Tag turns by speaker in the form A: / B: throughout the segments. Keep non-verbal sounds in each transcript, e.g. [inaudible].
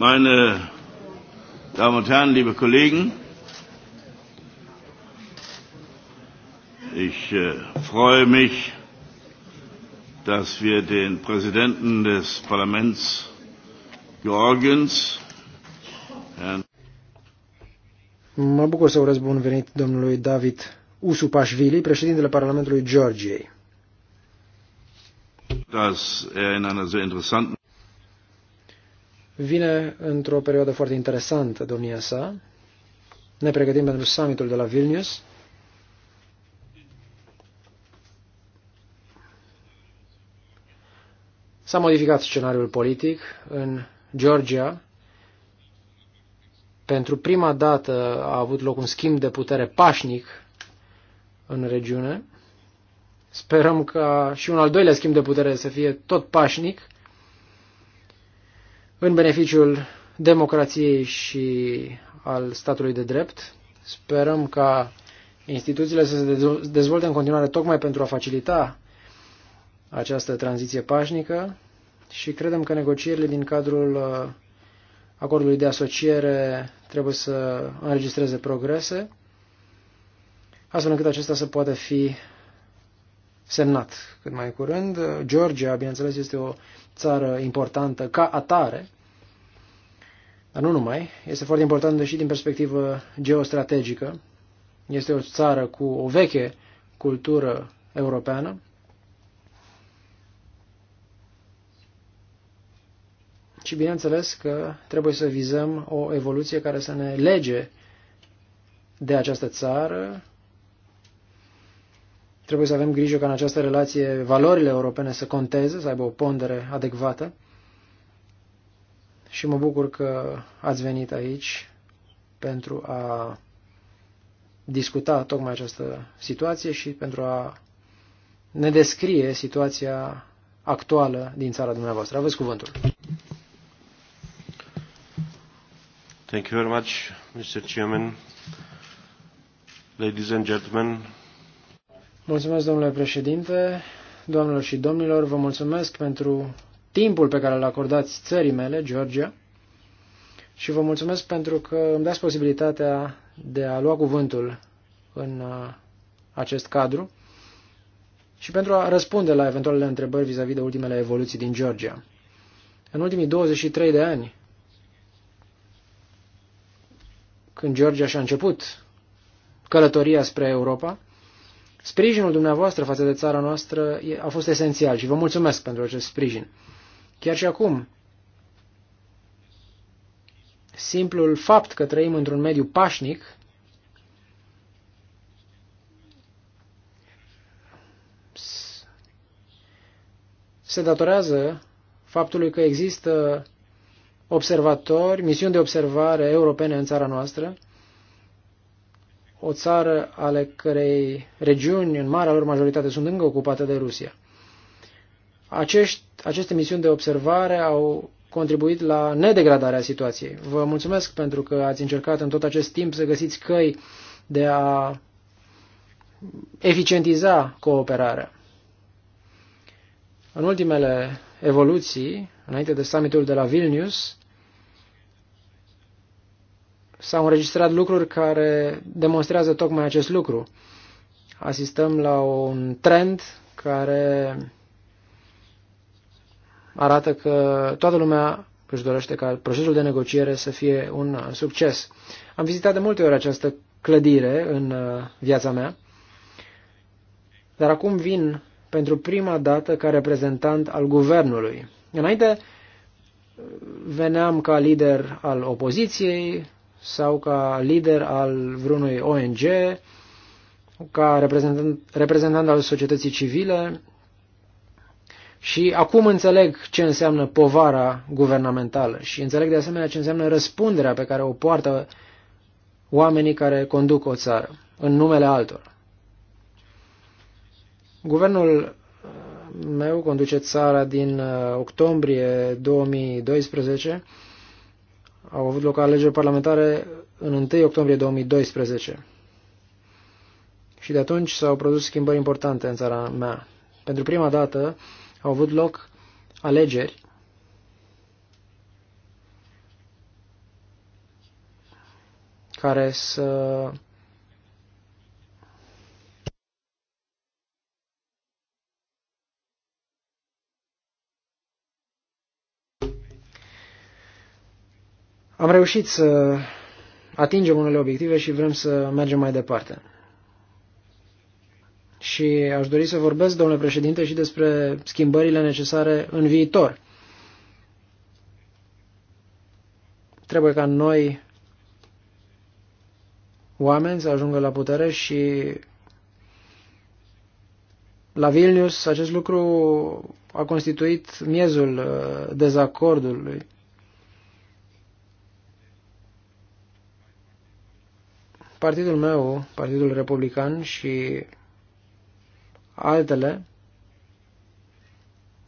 A: Meine Damen und Herren, liebe Kollegen, ich äh, freue mich,
B: dass wir den Präsidenten des Parlaments Georgiens,
C: Herrn Mă bucur să urez bun venit domnului David Usupașvili, președintele Parlamentului Georgiei.
A: Dass er in einer sehr interessanten
C: Vine într-o perioadă foarte interesantă domnia sa. Ne pregătim pentru summitul de la Vilnius. S-a modificat scenariul politic în Georgia. Pentru prima dată a avut loc un schimb de putere pașnic în regiune. Sperăm ca și un al doilea schimb de putere să fie tot pașnic în beneficiul democrației și al statului de drept. Sperăm ca instituțiile să se dezvolte în continuare tocmai pentru a facilita această tranziție pașnică și credem că negocierile din cadrul uh, acordului de asociere trebuie să înregistreze progrese, astfel încât acesta să poată fi semnat cât mai curând. Georgia, bineînțeles, este o țară importantă ca atare, dar nu numai. Este foarte importantă și din perspectivă geostrategică. Este o țară cu o veche cultură europeană. Și bineînțeles că trebuie să vizăm o evoluție care să ne lege de această țară Trebuie să avem grijă ca în această relație valorile europene să conteze, să aibă o pondere adecvată. Și mă bucur că ați venit aici pentru a discuta tocmai această situație și pentru a ne descrie situația actuală din țara dumneavoastră. Aveți cuvântul. Thank you very much, Mr. Chairman. Ladies and gentlemen, Mulțumesc, domnule președinte, doamnelor și domnilor, vă mulțumesc pentru timpul pe care îl acordați țării mele, Georgia, și vă mulțumesc pentru că îmi dați posibilitatea de a lua cuvântul în uh, acest cadru și pentru a răspunde la eventualele întrebări vis-a-vis -vis de ultimele evoluții din Georgia. În ultimii 23 de ani, când Georgia și-a început călătoria spre Europa, Sprijinul dumneavoastră față de țara noastră a fost esențial și vă mulțumesc pentru acest sprijin. Chiar și acum, simplul fapt că trăim într-un mediu pașnic se datorează faptului că există observatori, misiuni de observare europene în țara noastră, o țară ale cărei regiuni, în marea lor majoritate, sunt încă ocupate de Rusia. Acești, aceste misiuni de observare au contribuit la nedegradarea situației. Vă mulțumesc pentru că ați încercat în tot acest timp să găsiți căi de a eficientiza cooperarea. În ultimele evoluții, înainte de summitul de la Vilnius, s-au înregistrat lucruri care demonstrează tocmai acest lucru. Asistăm la un trend care arată că toată lumea își dorește ca procesul de negociere să fie un succes. Am vizitat de multe ori această clădire în uh, viața mea, dar acum vin pentru prima dată ca reprezentant al guvernului. Înainte uh, veneam ca lider al opoziției, sau ca lider al vreunui ONG, ca reprezentant, reprezentant al societății civile și acum înțeleg ce înseamnă povara guvernamentală și înțeleg de asemenea ce înseamnă răspunderea pe care o poartă oamenii care conduc o țară în numele altor. Guvernul uh, meu conduce țara din uh, octombrie 2012 au avut loc alegeri parlamentare în 1 octombrie 2012. Și de atunci s-au produs schimbări importante în țara mea. Pentru prima dată au avut loc alegeri care să Am reușit să atingem unele obiective și vrem să mergem mai departe. Și aș dori să vorbesc, domnule președinte, și despre schimbările necesare în viitor. Trebuie ca noi, oameni, să ajungă la putere și la Vilnius acest lucru a constituit miezul uh, dezacordului Partidul meu, Partidul Republican și altele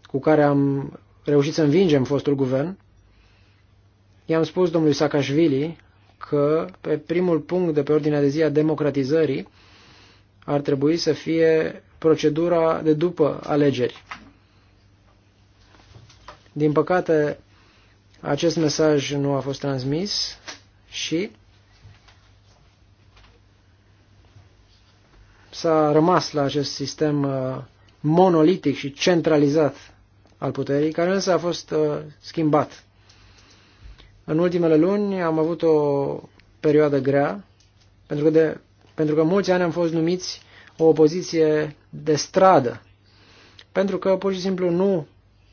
C: cu care am reușit să învingem fostul guvern, i-am spus domnului Sakashvili că pe primul punct de pe ordinea de zi a democratizării ar trebui să fie procedura de după alegeri. Din păcate, acest mesaj nu a fost transmis și s-a rămas la acest sistem uh, monolitic și centralizat al puterii, care însă a fost uh, schimbat. În ultimele luni am avut o perioadă grea, pentru că, de, pentru că mulți ani am fost numiți o opoziție de stradă, pentru că pur și simplu nu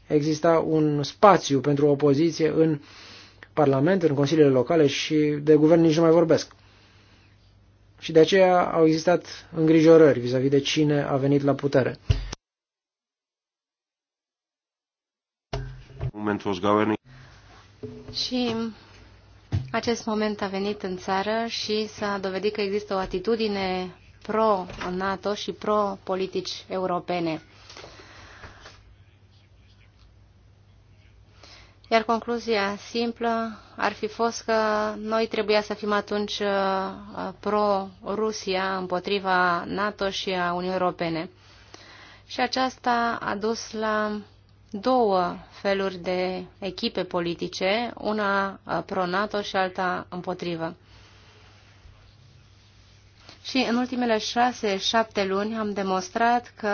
C: exista un spațiu pentru opoziție în Parlament, în consiliile locale și de guvern nici nu mai vorbesc și de aceea au existat îngrijorări vis-a-vis -vis de cine a venit la putere.
B: Și acest moment a venit în țară și s-a dovedit că există o atitudine pro-NATO și pro-politici europene. Iar concluzia simplă ar fi fost că noi trebuia să fim atunci uh, pro-Rusia împotriva NATO și a Uniunii Europene. Și aceasta a dus la două feluri de echipe politice, una uh, pro-NATO și alta împotrivă. Și în ultimele șase-șapte luni am demonstrat că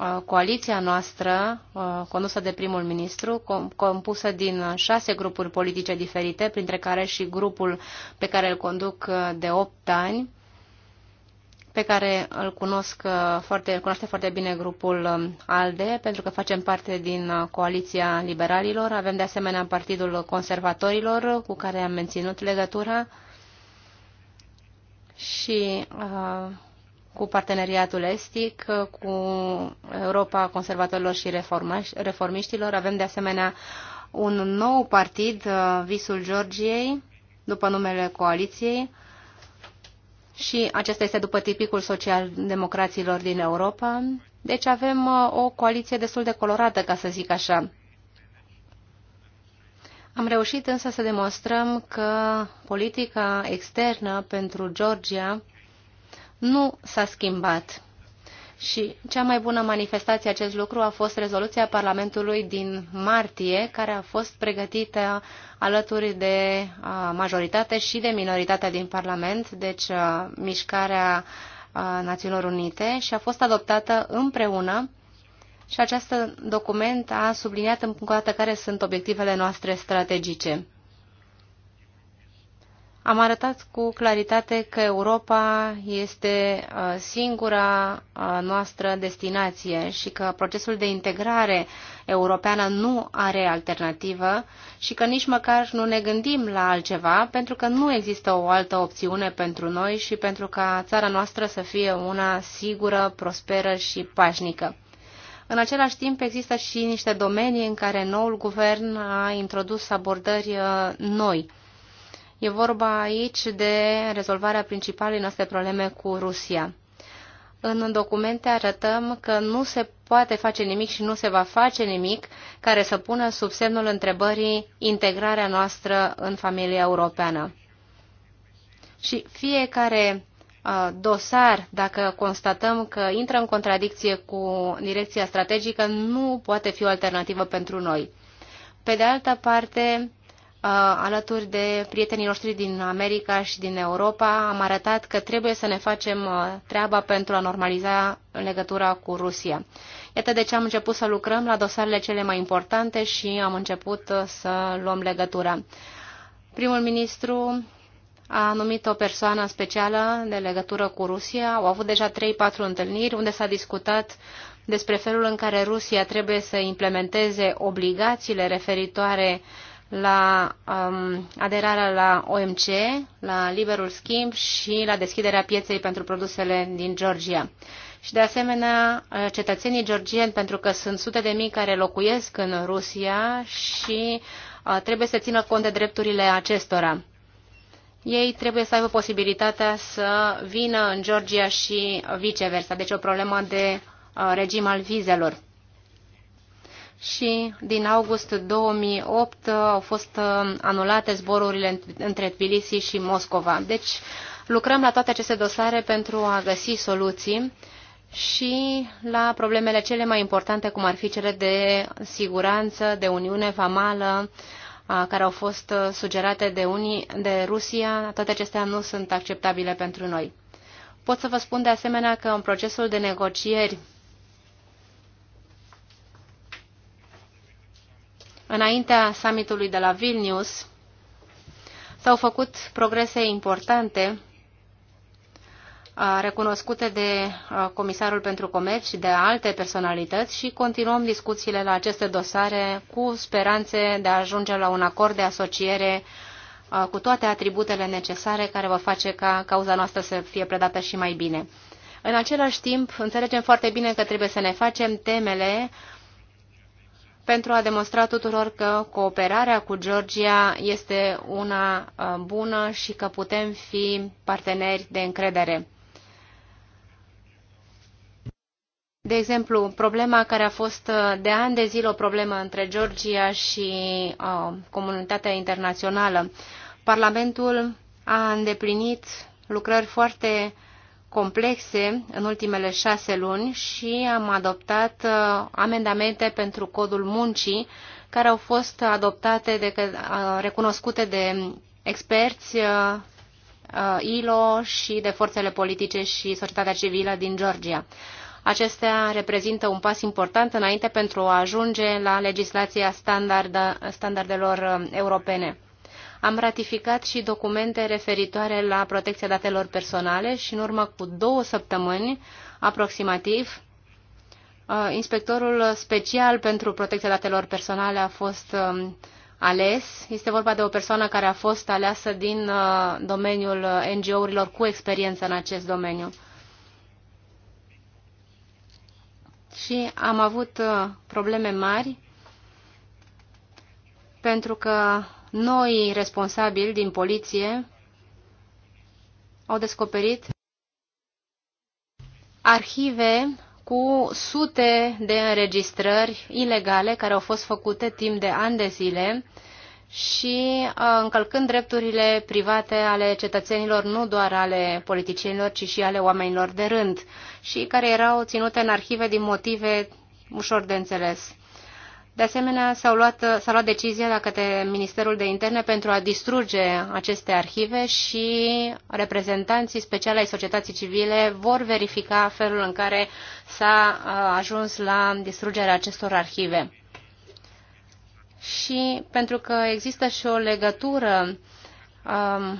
B: uh, coaliția noastră, uh, condusă de primul ministru, compusă din șase grupuri politice diferite, printre care și grupul pe care îl conduc uh, de opt ani, pe care îl cunosc foarte, îl cunoaște foarte bine grupul um, ALDE, pentru că facem parte din coaliția liberalilor. Avem de asemenea Partidul Conservatorilor, cu care am menținut legătura și uh, cu parteneriatul estic, uh, cu Europa conservatorilor și reformiștilor. Avem de asemenea un nou partid, uh, Visul Georgiei, după numele coaliției, și acesta este după tipicul social-democraților din Europa. Deci avem o coaliție destul de colorată, ca să zic așa. Am reușit însă să demonstrăm că politica externă pentru Georgia nu s-a schimbat. Și cea mai bună manifestație a acest lucru a fost rezoluția Parlamentului din martie, care a fost pregătită alături de majoritate și de minoritatea din Parlament, deci mișcarea Națiunilor Unite, și a fost adoptată împreună și acest document a subliniat în o dată care sunt obiectivele noastre strategice. Am arătat cu claritate că Europa este uh, singura uh, noastră destinație și că procesul de integrare europeană nu are alternativă și că nici măcar nu ne gândim la altceva pentru că nu există o altă opțiune pentru noi și pentru ca țara noastră să fie una sigură, prosperă și pașnică. În același timp, există și niște domenii în care noul guvern a introdus abordări uh, noi. E vorba aici de rezolvarea principalei noastre probleme cu Rusia. În documente arătăm că nu se poate face nimic și nu se va face nimic care să pună sub semnul întrebării integrarea noastră în familia europeană. Și fiecare dosar, dacă constatăm că intră în contradicție cu direcția strategică, nu poate fi o alternativă pentru noi. Pe de altă parte, alături de prietenii noștri din America și din Europa, am arătat că trebuie să ne facem treaba pentru a normaliza legătura cu Rusia. Iată de ce am început să lucrăm la dosarele cele mai importante și am început să luăm legătura. Primul ministru a numit o persoană specială de legătură cu Rusia. Au avut deja 3-4 întâlniri unde s-a discutat despre felul în care Rusia trebuie să implementeze obligațiile referitoare la um, aderarea la OMC, la liberul schimb și la deschiderea pieței pentru produsele din Georgia. Și de asemenea, cetățenii georgieni, pentru că sunt sute de mii care locuiesc în Rusia și uh, trebuie să țină cont de drepturile acestora ei trebuie să aibă posibilitatea să vină în Georgia și viceversa, deci o problemă de uh, regim al vizelor. Și din august 2008 uh, au fost uh, anulate zborurile între Tbilisi și Moscova. Deci lucrăm la toate aceste dosare pentru a găsi soluții și la problemele cele mai importante, cum ar fi cele de siguranță, de uniune vamală, care au fost uh, sugerate de, unii, de Rusia, toate acestea nu sunt acceptabile pentru noi. Pot să vă spun de asemenea că în procesul de negocieri Înaintea summitului de la Vilnius s-au făcut progrese importante recunoscute de Comisarul pentru Comerț și de alte personalități și continuăm discuțiile la aceste dosare cu speranțe de a ajunge la un acord de asociere cu toate atributele necesare care va face ca cauza noastră să fie predată și mai bine. În același timp, înțelegem foarte bine că trebuie să ne facem temele pentru a demonstra tuturor că cooperarea cu Georgia este una bună și că putem fi parteneri de încredere. De exemplu, problema care a fost uh, de ani de zile o problemă între Georgia și uh, comunitatea internațională. Parlamentul a îndeplinit lucrări foarte complexe în ultimele șase luni și am adoptat uh, amendamente pentru codul muncii care au fost adoptate, de, uh, recunoscute de experți, uh, uh ILO și de forțele politice și societatea civilă din Georgia. Acestea reprezintă un pas important înainte pentru a ajunge la legislația standard, standardelor uh, europene. Am ratificat și documente referitoare la protecția datelor personale și în urmă cu două săptămâni aproximativ, uh, inspectorul special pentru protecția datelor personale a fost um, ales. Este vorba de o persoană care a fost aleasă din uh, domeniul NGO-urilor cu experiență în acest domeniu. și am avut uh, probleme mari pentru că noi responsabili din poliție au descoperit arhive cu sute de înregistrări ilegale care au fost făcute timp de ani de zile și uh, încălcând drepturile private ale cetățenilor, nu doar ale politicienilor, ci și ale oamenilor de rând, și care erau ținute în arhive din motive ușor de înțeles. De asemenea, s-a luat, luat decizia la către Ministerul de Interne pentru a distruge aceste arhive și reprezentanții speciale ai societății civile vor verifica felul în care s-a uh, ajuns la distrugerea acestor arhive și pentru că există și o legătură um,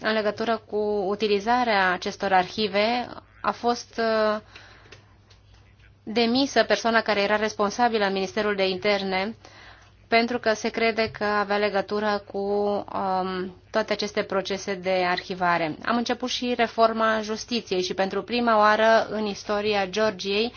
B: în legătură cu utilizarea acestor arhive, a fost uh, demisă persoana care era responsabilă în Ministerul de Interne pentru că se crede că avea legătură cu um, toate aceste procese de arhivare. Am început și reforma justiției și pentru prima oară în istoria Georgiei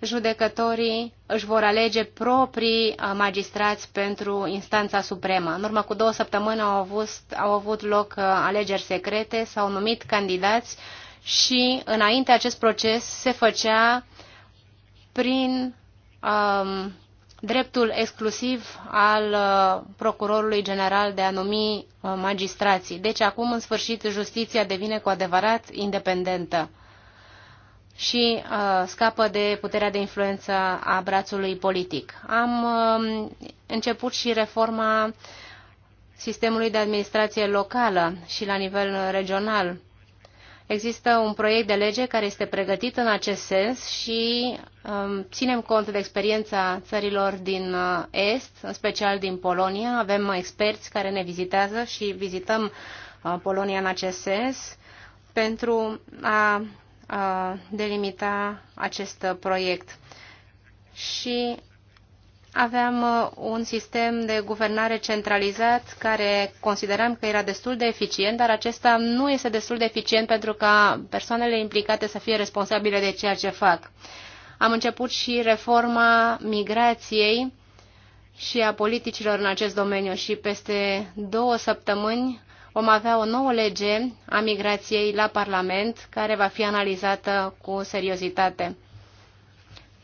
B: judecătorii își vor alege proprii uh, magistrați pentru instanța supremă. În urmă cu două săptămâni au avut, au avut loc uh, alegeri secrete, s-au numit candidați și înainte acest proces se făcea prin um, dreptul exclusiv al uh, procurorului general de a numi magistrații. Deci acum, în sfârșit, justiția devine cu adevărat independentă și uh, scapă de puterea de influență a brațului politic. Am uh, început și reforma sistemului de administrație locală și la nivel regional. Există un proiect de lege care este pregătit în acest sens și um, ținem cont de experiența țărilor din uh, Est, în special din Polonia. Avem experți care ne vizitează și vizităm uh, Polonia în acest sens pentru a delimita acest proiect. Și aveam uh, un sistem de guvernare centralizat care consideram că era destul de eficient, dar acesta nu este destul de eficient pentru ca persoanele implicate să fie responsabile de ceea ce fac. Am început și reforma migrației și a politicilor în acest domeniu și peste două săptămâni vom avea o nouă lege a migrației la Parlament, care va fi analizată cu seriozitate.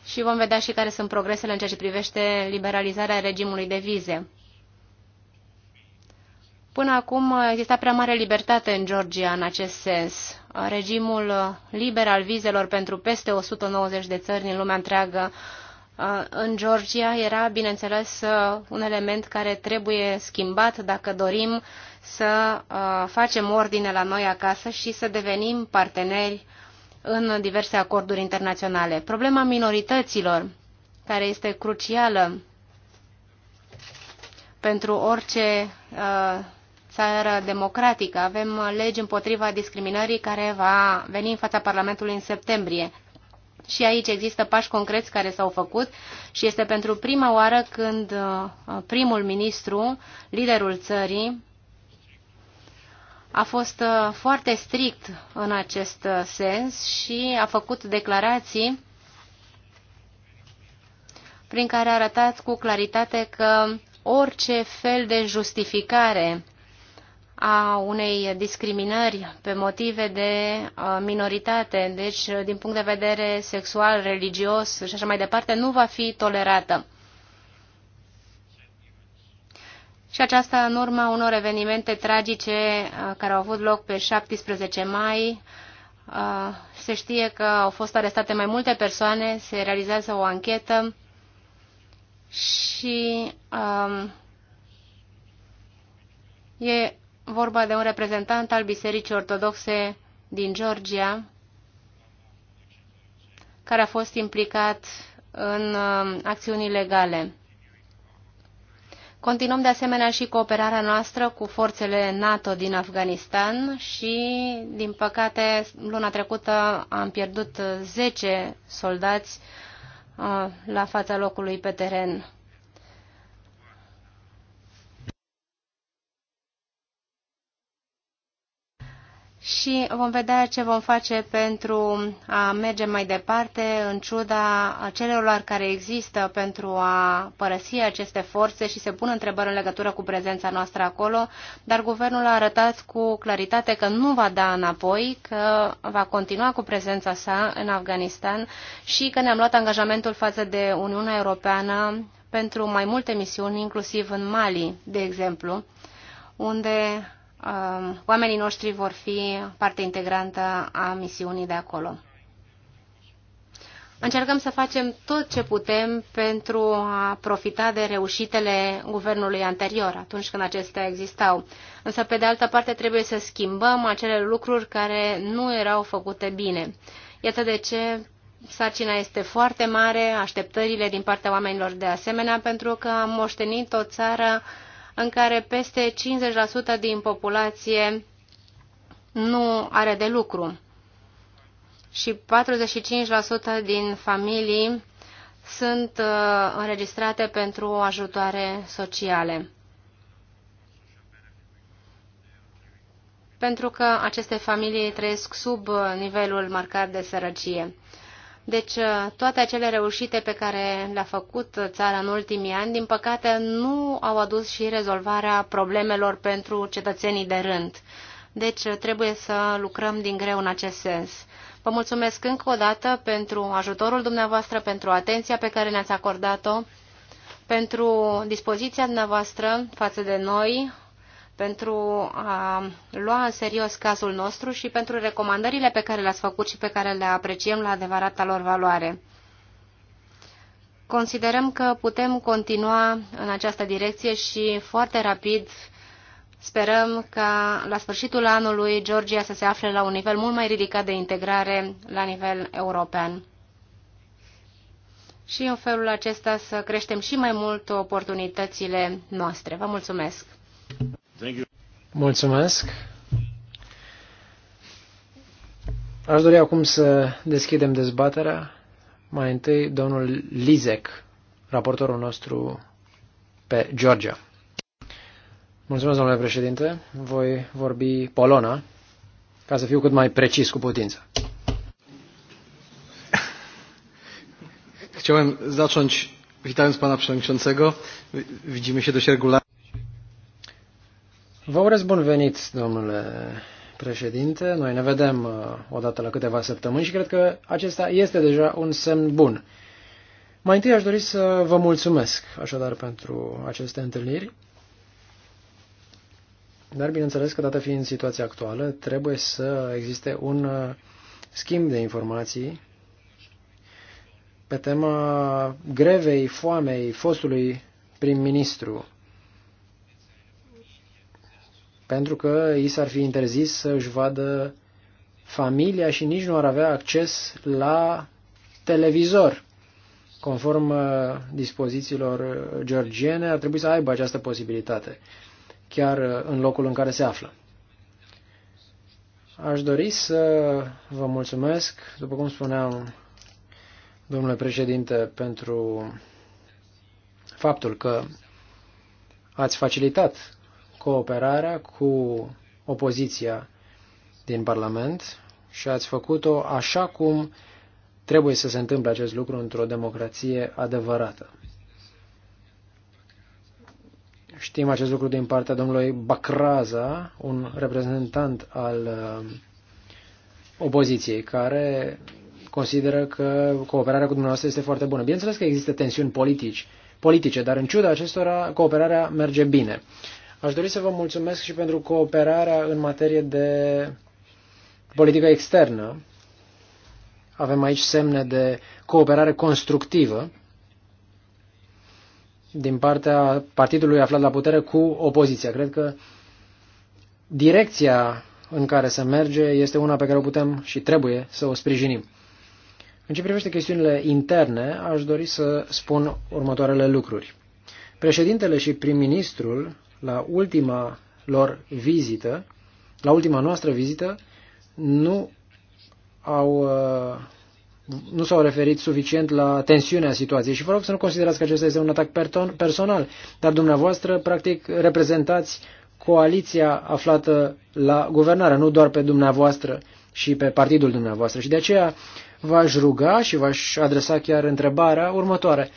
B: Și vom vedea și care sunt progresele în ceea ce privește liberalizarea regimului de vize. Până acum exista prea mare libertate în Georgia în acest sens. Regimul liber al vizelor pentru peste 190 de țări din lumea întreagă uh, în Georgia era, bineînțeles, uh, un element care trebuie schimbat dacă dorim să uh, facem ordine la noi acasă și să devenim parteneri în diverse acorduri internaționale. Problema minorităților, care este crucială pentru orice uh, țară democratică. Avem legi împotriva discriminării care va veni în fața Parlamentului în septembrie. Și aici există pași concreți care s-au făcut și este pentru prima oară când uh, primul ministru, liderul țării, a fost uh, foarte strict în acest uh, sens și a făcut declarații prin care a arătat cu claritate că orice fel de justificare a unei discriminări pe motive de uh, minoritate, deci din punct de vedere sexual, religios și așa mai departe, nu va fi tolerată. și aceasta în urma unor evenimente tragice uh, care au avut loc pe 17 mai. Uh, se știe că au fost arestate mai multe persoane, se realizează o anchetă și um, e vorba de un reprezentant al Bisericii Ortodoxe din Georgia, care a fost implicat în um, acțiuni legale. Continuăm de asemenea și cooperarea noastră cu forțele NATO din Afganistan și, din păcate, luna trecută am pierdut 10 soldați uh, la fața locului pe teren. și vom vedea ce vom face pentru a merge mai departe în ciuda celor care există pentru a părăsi aceste forțe și se pun întrebări în legătură cu prezența noastră acolo, dar guvernul a arătat cu claritate că nu va da înapoi, că va continua cu prezența sa în Afganistan și că ne-am luat angajamentul față de Uniunea Europeană pentru mai multe misiuni, inclusiv în Mali, de exemplu, unde Um, oamenii noștri vor fi parte integrantă a misiunii de acolo. Încercăm să facem tot ce putem pentru a profita de reușitele guvernului anterior, atunci când acestea existau. Însă, pe de altă parte, trebuie să schimbăm acele lucruri care nu erau făcute bine. Iată de ce sarcina este foarte mare, așteptările din partea oamenilor de asemenea, pentru că am moștenit o țară uh, în care peste 50% din populație nu are de lucru și 45% din familii sunt uh, înregistrate pentru ajutoare sociale. Pentru că aceste familii trăiesc sub nivelul marcat de sărăcie. Deci uh, toate acele reușite pe care le-a făcut țara în ultimii ani, din păcate, nu au adus și rezolvarea problemelor pentru cetățenii de rând. Deci uh, trebuie să lucrăm din greu în acest sens. Vă mulțumesc încă o dată pentru ajutorul dumneavoastră, pentru atenția pe care ne-ați acordat-o, pentru dispoziția dumneavoastră față de noi, pentru a lua în serios cazul nostru și pentru recomandările pe care le-ați făcut și pe care le apreciem la adevărata lor valoare. Considerăm că putem continua în această direcție și foarte rapid sperăm ca la sfârșitul anului Georgia să se afle la un nivel mult mai ridicat de integrare la nivel european și în felul acesta să creștem și mai mult oportunitățile noastre. Vă mulțumesc!
C: Mulțumesc. Aș dori acum să deschidem dezbaterea. Mai întâi, domnul Lizek, raportorul nostru pe Georgia. Mulțumesc, domnule președinte. Voi vorbi polona, ca să fiu cât mai precis cu putință. Chciałem zacząć witając pana przewodniczącego. Widzimy się dość regularnie. Vă urez bun venit, domnule președinte. Noi ne vedem uh, odată la câteva săptămâni și cred că acesta este deja un semn bun. Mai întâi aș dori să vă mulțumesc așadar pentru aceste întâlniri. Dar bineînțeles că, dată fiind situația actuală, trebuie să existe un uh, schimb de informații pe tema grevei foamei fostului prim-ministru pentru că i s-ar fi interzis să își vadă familia și nici nu ar avea acces la televizor. Conform uh, dispozițiilor uh, georgiene, ar trebui să aibă această posibilitate, chiar uh, în locul în care se află. Aș dori să vă mulțumesc, după cum spuneam, domnule președinte, pentru faptul că ați facilitat cooperarea cu opoziția din Parlament și ați făcut-o așa cum trebuie să se întâmple acest lucru într-o democrație adevărată. Știm acest lucru din partea domnului Bacraza, un reprezentant al uh, opoziției, care consideră că cooperarea cu dumneavoastră este foarte bună. Bineînțeles că există tensiuni politici, politice, dar în ciuda acestora cooperarea merge bine. Aș dori să vă mulțumesc și pentru cooperarea în materie de politică externă. Avem aici semne de cooperare constructivă din partea partidului aflat la putere cu opoziția. Cred că direcția în care se merge este una pe care o putem și trebuie să o sprijinim. În ce privește chestiunile interne, aș dori să spun următoarele lucruri. Președintele și prim-ministrul la ultima lor vizită, la ultima noastră vizită, nu au uh, nu s-au referit suficient la tensiunea situației și vă rog să nu considerați că acesta este un atac personal, dar dumneavoastră practic reprezentați coaliția aflată la guvernare, nu doar pe dumneavoastră și pe partidul dumneavoastră. Și de aceea v-aș ruga și v-aș adresa chiar întrebarea următoare.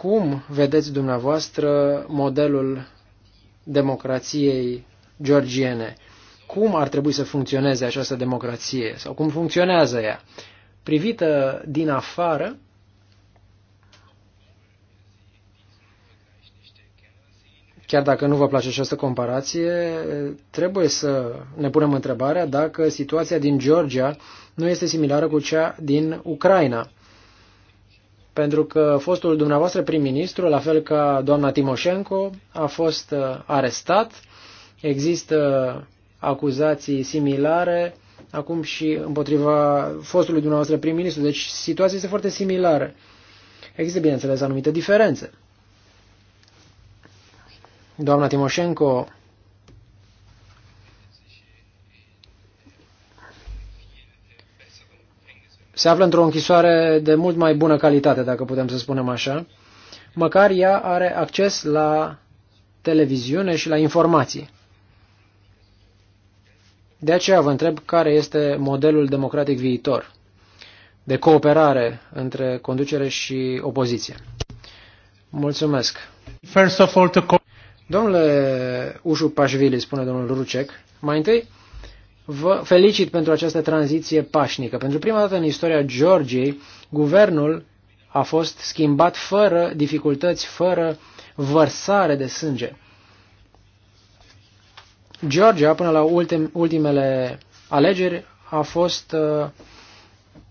C: cum vedeți dumneavoastră modelul democrației georgiene? Cum ar trebui să funcționeze această democrație sau cum funcționează ea? Privită din afară, chiar dacă nu vă place această comparație, trebuie să ne punem întrebarea dacă situația din Georgia nu este similară cu cea din Ucraina pentru că fostul dumneavoastră prim-ministru, la fel ca doamna Timoșenco, a fost uh, arestat. Există acuzații similare acum și împotriva fostului dumneavoastră prim-ministru. Deci situația este foarte similară. Există, bineînțeles, anumite diferențe. Doamna Timoșenco. se află într-o închisoare de mult mai bună calitate, dacă putem să spunem așa. Măcar ea are acces la televiziune și la informații. De aceea vă întreb care este modelul democratic viitor de cooperare între conducere și opoziție. Mulțumesc. First of all, to... Domnule Ușu Pașvili, spune domnul Rucec, mai întâi Vă felicit pentru această tranziție pașnică. Pentru prima dată în istoria Georgiei, guvernul a fost schimbat fără dificultăți, fără vărsare de sânge. Georgia, până la ultim, ultimele alegeri, a fost uh,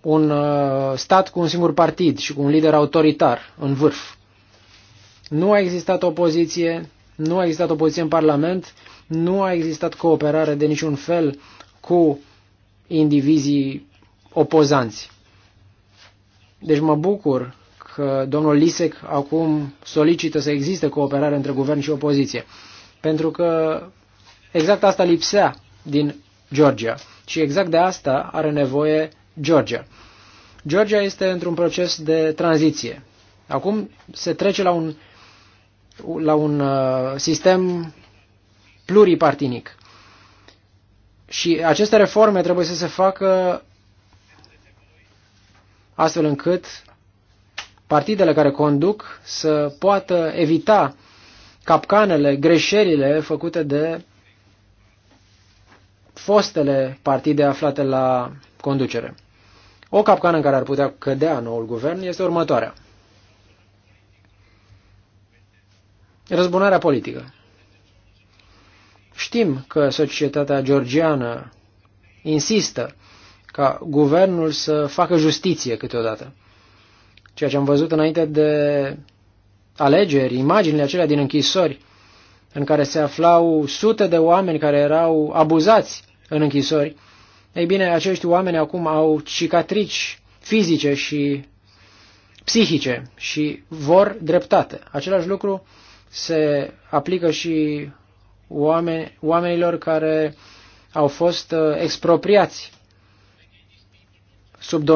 C: un uh, stat cu un singur partid și cu un lider autoritar în vârf. Nu a existat opoziție, nu a existat opoziție în Parlament, nu a existat cooperare de niciun fel cu indivizii opozanți. Deci mă bucur că domnul Lisec acum solicită să existe cooperare între guvern și opoziție. Pentru că exact asta lipsea din Georgia și exact de asta are nevoie Georgia. Georgia este într-un proces de tranziție. Acum se trece la un, la un uh, sistem pluripartinic. Și aceste reforme trebuie să se facă astfel încât partidele care conduc să poată evita capcanele, greșelile făcute de fostele partide aflate la conducere. O capcană în care ar putea cădea noul guvern este următoarea. Răzbunarea politică. Știm că societatea georgiană insistă ca guvernul să facă justiție câteodată. Ceea ce am văzut înainte de alegeri, imaginile acelea din închisori, în care se aflau sute de oameni care erau abuzați în închisori, ei bine, acești oameni acum au cicatrici fizice și psihice și vor dreptate. Același lucru se aplică și oameni, oamenilor care au fost uh, expropriați sub,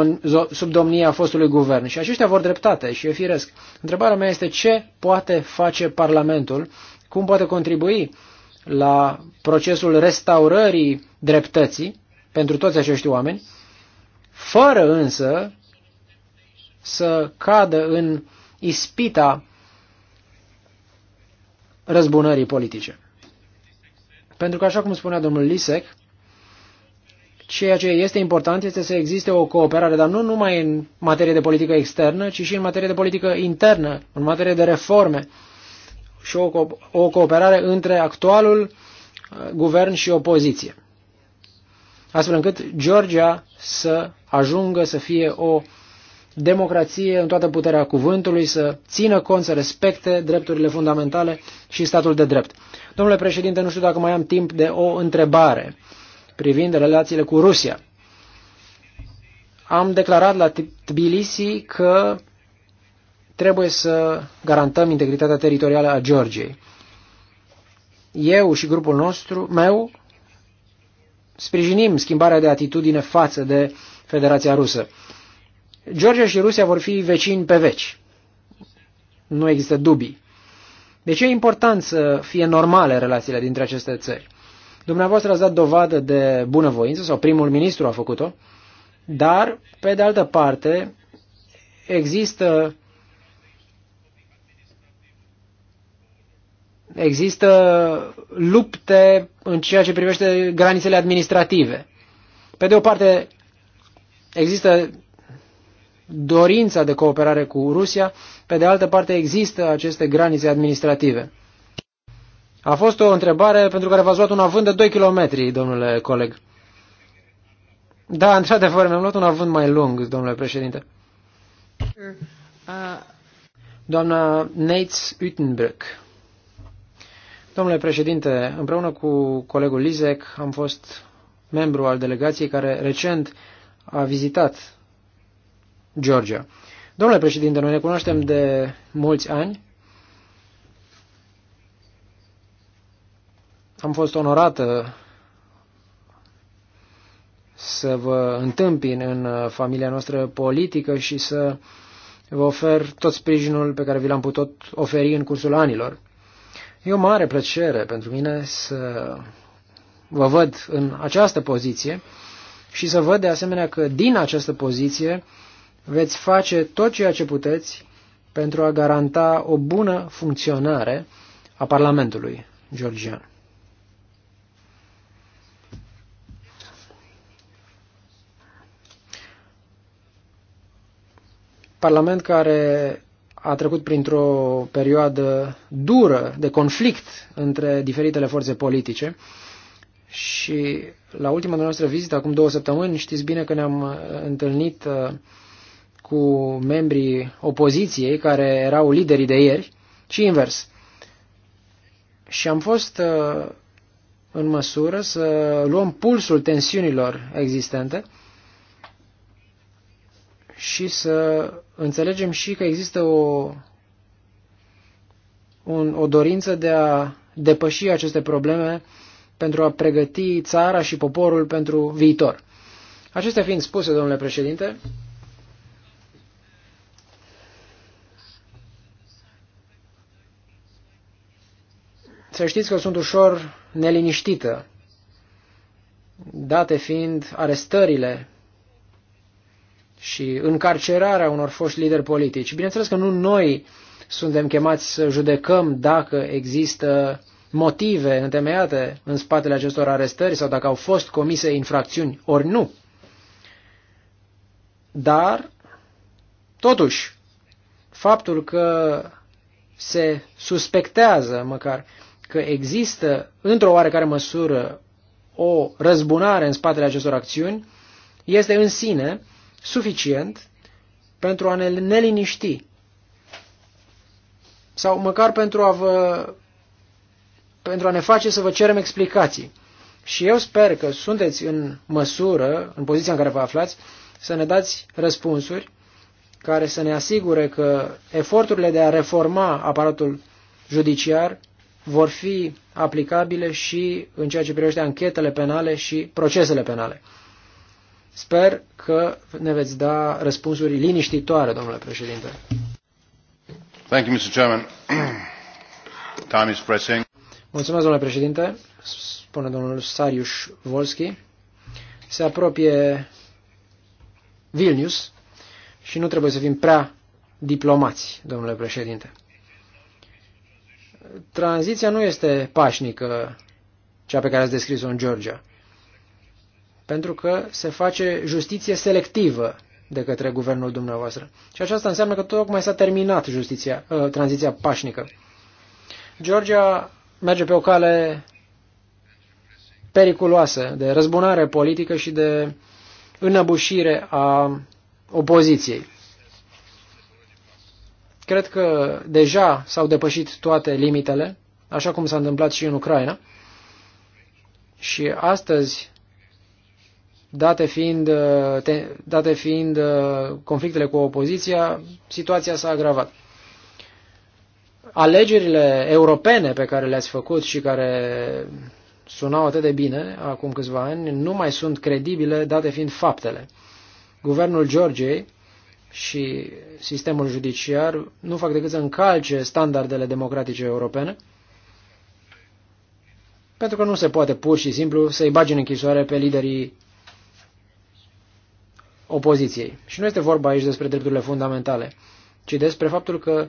C: sub domnia fostului guvern. Și aceștia vor dreptate și e firesc. Întrebarea mea este ce poate face Parlamentul, cum poate contribui la procesul restaurării dreptății pentru toți acești oameni, fără însă să cadă în ispita răzbunării politice. Pentru că, așa cum spunea domnul Lisek, ceea ce este important este să existe o cooperare, dar nu numai în materie de politică externă, ci și în materie de politică internă, în materie de reforme și o, co o cooperare între actualul uh, guvern și opoziție. Astfel încât Georgia să ajungă să fie o democrație în toată puterea cuvântului, să țină cont, să respecte drepturile fundamentale și statul de drept. Domnule președinte, nu știu dacă mai am timp de o întrebare privind relațiile cu Rusia. Am declarat la Tbilisi că trebuie să garantăm integritatea teritorială a Georgiei. Eu și grupul nostru, meu, sprijinim schimbarea de atitudine față de Federația Rusă. Georgia și Rusia vor fi vecini pe veci. Nu există dubii. Deci e important să fie normale relațiile dintre aceste țări. Dumneavoastră ați dat dovadă de bunăvoință, sau primul ministru a făcut-o, dar, pe de altă parte, există există lupte în ceea ce privește granițele administrative. Pe de o parte, există dorința de cooperare cu Rusia, pe de altă parte există aceste granițe administrative. A fost o întrebare pentru care v-ați luat un avânt de 2 km, domnule coleg. Da, într-adevăr, mi-am luat un avânt mai lung, domnule președinte. Doamna Neitz Uttenbrück. Domnule președinte, împreună cu colegul Lizek am fost membru al delegației care recent a vizitat Georgia. Domnule președinte, noi ne cunoaștem de mulți ani. Am fost onorată să vă întâmpin în familia noastră politică și să vă ofer tot sprijinul pe care vi l-am putut oferi în cursul anilor. E o mare plăcere pentru mine să vă văd în această poziție și să văd de asemenea că din această poziție veți face tot ceea ce puteți pentru a garanta o bună funcționare a Parlamentului georgian. Parlament care a trecut printr-o perioadă dură de conflict între diferitele forțe politice și la ultima noastră vizită, acum două săptămâni, știți bine că ne-am uh, întâlnit uh, cu membrii opoziției care erau liderii de ieri și invers. Și am fost uh, în măsură să luăm pulsul tensiunilor existente și să înțelegem și că există o, un, o dorință de a depăși aceste probleme pentru a pregăti țara și poporul pentru viitor. Acestea fiind spuse, domnule președinte, Să știți că sunt ușor neliniștită, date fiind arestările și încarcerarea unor foști lideri politici. Bineînțeles că nu noi suntem chemați să judecăm dacă există motive întemeiate în spatele acestor arestări sau dacă au fost comise infracțiuni ori nu. Dar, totuși, faptul că se suspectează măcar că există, într-o oarecare măsură, o răzbunare în spatele acestor acțiuni, este în sine suficient pentru a ne neliniști sau măcar pentru a, vă, pentru a ne face să vă cerem explicații. Și eu sper că sunteți în măsură, în poziția în care vă aflați, să ne dați răspunsuri care să ne asigure că eforturile de a reforma aparatul judiciar vor fi aplicabile și în ceea ce privește anchetele penale și procesele penale. Sper că ne veți da răspunsuri liniștitoare, domnule președinte.
B: Thank you, Mr. Chairman. [clears throat] Time is pressing.
C: Mulțumesc, domnule președinte, spune domnul Sariuș Volski. Se apropie Vilnius și nu trebuie să fim prea diplomați, domnule președinte tranziția nu este pașnică, cea pe care ați descris-o în Georgia, pentru că se face justiție selectivă de către guvernul dumneavoastră. Și aceasta înseamnă că tocmai s-a terminat justiția, uh, tranziția pașnică. Georgia merge pe o cale periculoasă de răzbunare politică și de înăbușire a opoziției. Cred că deja s-au depășit toate limitele, așa cum s-a întâmplat și în Ucraina. Și astăzi, date fiind, date fiind uh, conflictele cu opoziția, situația s-a agravat. Alegerile europene pe care le-ați făcut și care sunau atât de bine acum câțiva ani, nu mai sunt credibile, date fiind faptele. Guvernul Georgiei și sistemul judiciar nu fac decât să încalce standardele democratice europene, pentru că nu se poate pur și simplu să-i bagi în închisoare pe liderii opoziției. Și nu este vorba aici despre drepturile fundamentale, ci despre faptul că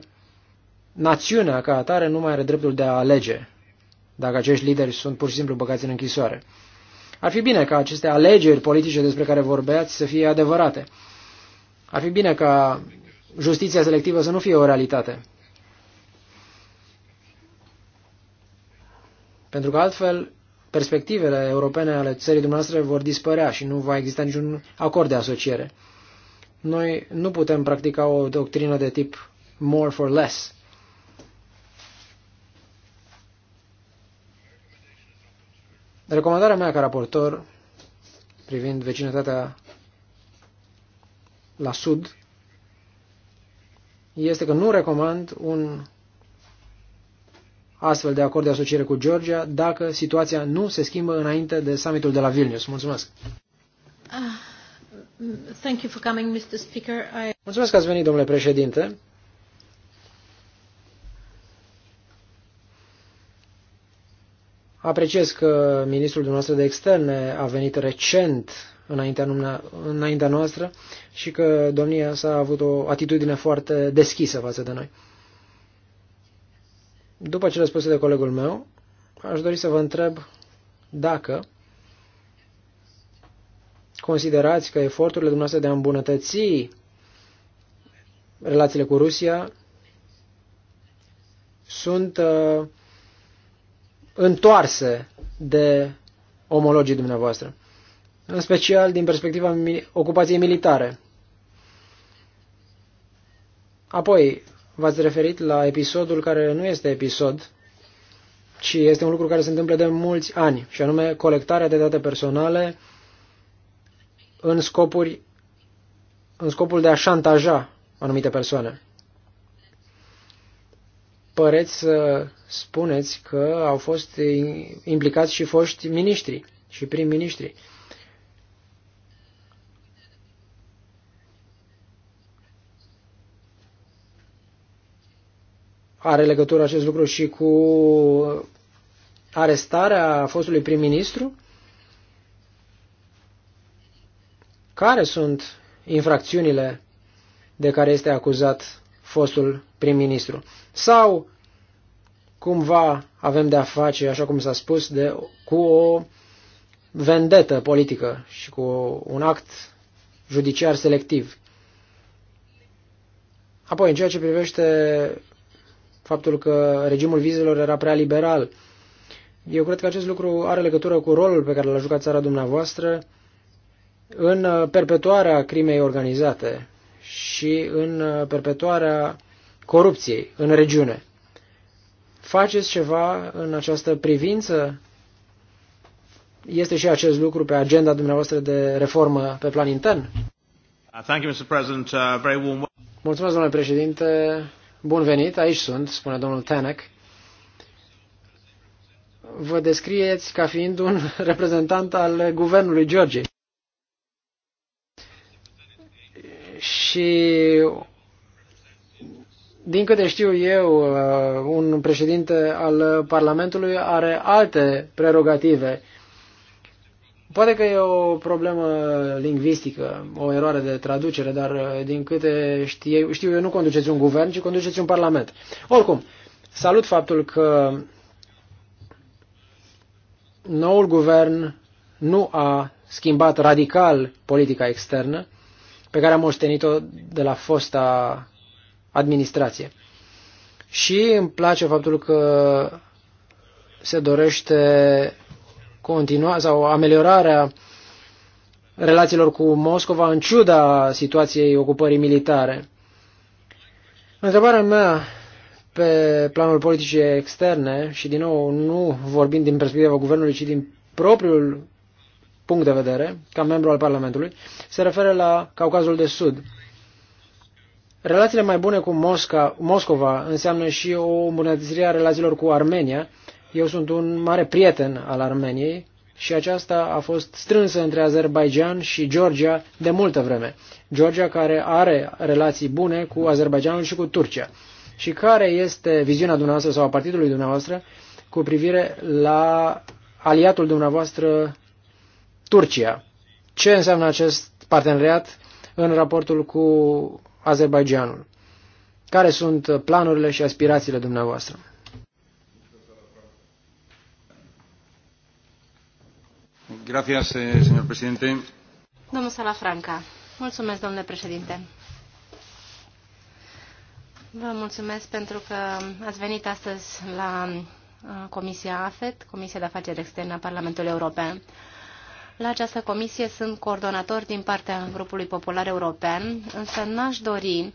C: națiunea ca atare nu mai are dreptul de a alege dacă acești lideri sunt pur și simplu băgați în închisoare. Ar fi bine ca aceste alegeri politice despre care vorbeați să fie adevărate ar fi bine ca justiția selectivă să nu fie o realitate. Pentru că altfel perspectivele europene ale țării dumneavoastră vor dispărea și nu va exista niciun acord de asociere. Noi nu putem practica o doctrină de tip more for less. Recomandarea mea ca raportor privind vecinătatea la sud este că nu recomand un astfel de acord de asociere cu Georgia dacă situația nu se schimbă înainte de summitul de la Vilnius. Mulțumesc!
B: Ah, thank you for coming, Mr. Speaker. I... Mulțumesc că ați
C: venit, domnule președinte. Apreciez că ministrul dumneavoastră de externe a venit recent înaintea, înaintea noastră și că domnia s-a avut o atitudine foarte deschisă față de noi. După cele spuse de colegul meu, aș dori să vă întreb dacă considerați că eforturile dumneavoastră de a îmbunătăți relațiile cu Rusia sunt uh, întoarse de omologii dumneavoastră, în special din perspectiva ocupației militare. Apoi, v-ați referit la episodul care nu este episod, ci este un lucru care se întâmplă de mulți ani, și anume colectarea de date personale în, scopuri, în scopul de a șantaja anumite persoane păreți să spuneți că au fost implicați și foști miniștri și prim-ministri. Are legătură acest lucru și cu arestarea fostului prim-ministru? Care sunt infracțiunile de care este acuzat fostul prim-ministru. Sau cumva avem de-a face, așa cum s-a spus, de, cu o vendetă politică și cu un act judiciar selectiv. Apoi, în ceea ce privește faptul că regimul vizelor era prea liberal, eu cred că acest lucru are legătură cu rolul pe care l-a jucat țara dumneavoastră în uh, perpetuarea crimei organizate și în uh, perpetuarea corupției în regiune. Faceți ceva în această privință? Este și acest lucru pe agenda dumneavoastră de reformă pe plan intern?
B: Uh, thank you, Mr. President. Uh, very warm...
C: Mulțumesc, domnule președinte. Bun venit, aici sunt, spune domnul Tanek. Vă descrieți ca fiind un [laughs] reprezentant al guvernului Georgiei. Și din câte știu eu, uh, un președinte al Parlamentului are alte prerogative. Poate că e o problemă lingvistică, o eroare de traducere, dar uh, din câte știu, știu eu, nu conduceți un guvern, ci conduceți un parlament. Oricum, salut faptul că noul guvern nu a schimbat radical politica externă, pe care am moștenit-o de la fosta administrație. Și îmi place faptul că se dorește continua sau ameliorarea relațiilor cu Moscova în ciuda situației ocupării militare. Întrebarea mea pe planul politicii externe și din nou nu vorbind din perspectiva guvernului, ci din propriul punct de vedere, ca membru al Parlamentului, se referă la Caucazul de Sud. Relațiile mai bune cu Mosca, Moscova înseamnă și o îmbunătățire a relațiilor cu Armenia. Eu sunt un mare prieten al Armeniei și aceasta a fost strânsă între Azerbaijan și Georgia de multă vreme. Georgia care are relații bune cu Azerbaijanul și cu Turcia. Și care este viziunea dumneavoastră sau a partidului dumneavoastră cu privire la aliatul dumneavoastră Turcia. Ce înseamnă acest parteneriat în raportul cu Azerbaijanul? Care sunt planurile și aspirațiile dumneavoastră?
A: Gracias, eh, señor presidente.
B: Domnul Salafranca. Mulțumesc, domnule președinte. Vă mulțumesc pentru că ați venit astăzi la uh, Comisia AFET, Comisia de Afaceri Externe a Parlamentului European. La această comisie sunt coordonator din partea grupului popular european, însă n-aș dori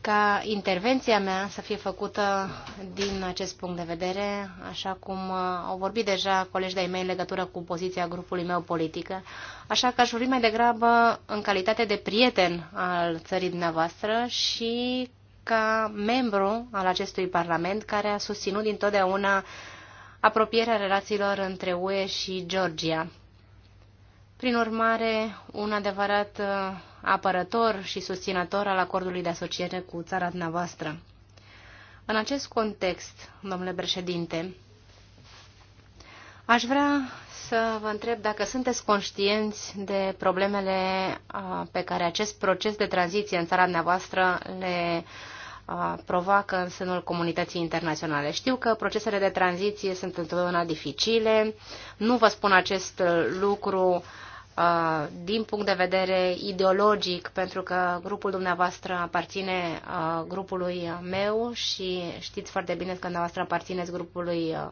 B: ca intervenția mea să fie făcută din acest punct de vedere, așa cum au vorbit deja colegii de-ai mei în legătură cu poziția grupului meu politică, așa că aș vorbi mai degrabă în calitate de prieten al țării dumneavoastră și ca membru al acestui Parlament care a susținut dintotdeauna apropierea relațiilor între UE și Georgia. Prin urmare, un adevărat uh, apărător și susținător al acordului de asociere cu țara dumneavoastră. În acest context, domnule președinte, aș vrea să vă întreb dacă sunteți conștienți de problemele uh, pe care acest proces de tranziție în țara dumneavoastră le uh, provoacă în sânul comunității internaționale. Știu că procesele de tranziție sunt întotdeauna dificile. Nu vă spun acest lucru uh, Uh, din punct de vedere ideologic, pentru că grupul dumneavoastră aparține uh, grupului meu și știți foarte bine că dumneavoastră aparțineți grupului uh,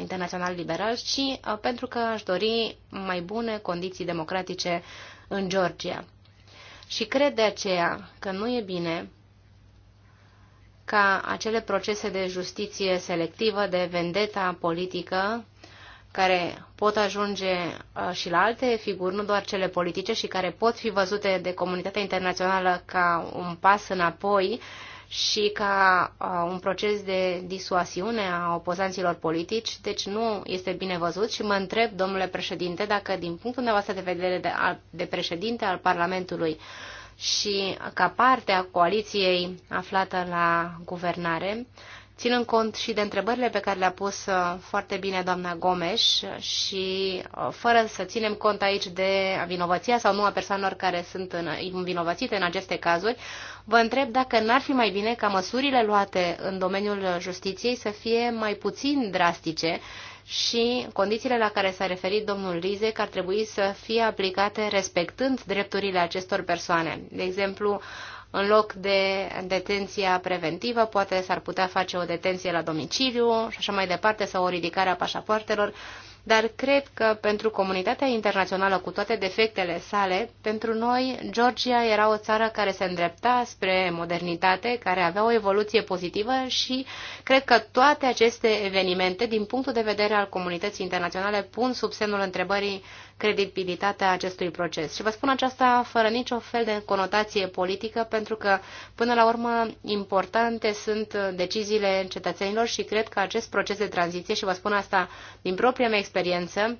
B: internațional liberal, ci pentru că aș dori mai bune condiții democratice în Georgia. Și cred de aceea că nu e bine ca acele procese de justiție selectivă, de vendeta politică, care pot ajunge uh, și la alte figuri, nu doar cele politice, și care pot fi văzute de comunitatea internațională ca un pas înapoi și ca uh, un proces de disuasiune a opozanților politici, deci nu este bine văzut și mă întreb, domnule președinte, dacă din punctul dumneavoastră de vedere de, de președinte al Parlamentului și ca parte a coaliției aflată la guvernare, ținând cont și de întrebările pe care le-a pus uh, foarte bine doamna Gomes și uh, fără să ținem cont aici de vinovăția sau nu a persoanelor care sunt învinovățite în aceste cazuri, vă întreb dacă n-ar fi mai bine ca măsurile luate în domeniul justiției să fie mai puțin drastice și condițiile la care s-a referit domnul Lizec ar trebui să fie aplicate respectând drepturile acestor persoane. De exemplu, în loc de detenția preventivă, poate s-ar putea face o detenție la domiciliu și așa mai departe, sau o ridicare a pașapoartelor, dar cred că pentru comunitatea internațională, cu toate defectele sale, pentru noi, Georgia era o țară care se îndrepta spre modernitate, care avea o evoluție pozitivă și cred că toate aceste evenimente, din punctul de vedere al comunității internaționale, pun sub semnul întrebării credibilitatea acestui proces. Și vă spun aceasta fără nicio fel de conotație politică, pentru că, până la urmă, importante sunt deciziile cetățenilor și cred că acest proces de tranziție, și vă spun asta din propria mea experiență,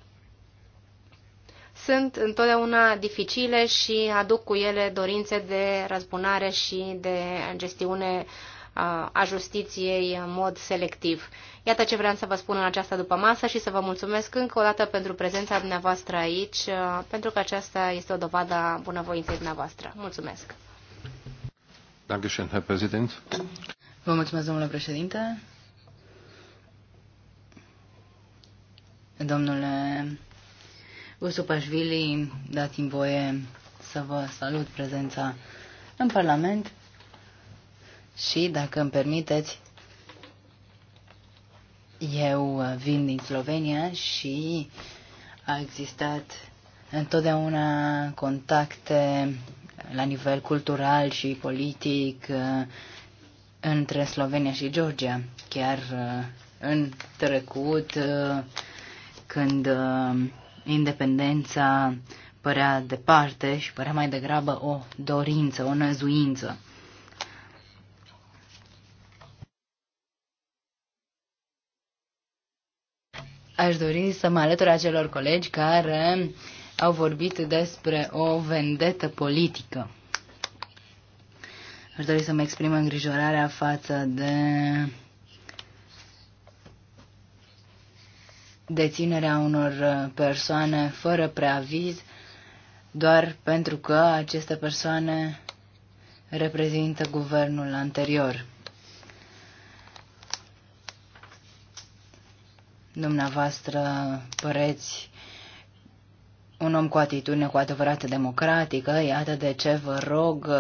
B: sunt întotdeauna dificile și aduc cu ele dorințe de răzbunare și de gestiune uh, a justiției în mod selectiv. Iată ce vreau să vă spun în această după masă și să vă mulțumesc încă o dată pentru prezența dumneavoastră aici, pentru că aceasta este o dovadă a bunăvoinței dumneavoastră. Mulțumesc!
A: Dankeschön, Herr Präsident. Vă mulțumesc, domnule președinte. Domnule Usupașvili, dați-mi voie să vă salut prezența în Parlament. Și, dacă îmi permiteți, eu vin din Slovenia și a existat întotdeauna contacte la nivel cultural și politic uh, între Slovenia și Georgia. Chiar uh, în trecut, uh, când independența părea departe și părea mai degrabă o dorință, o năzuință. Aș dori să mă alătur acelor colegi care au vorbit despre o vendetă politică. Aș dori să mă exprim îngrijorarea față de deținerea unor persoane fără preaviz doar pentru că aceste persoane reprezintă guvernul anterior. dumneavoastră păreți un om cu atitudine cu adevărat democratică, iată de ce vă rog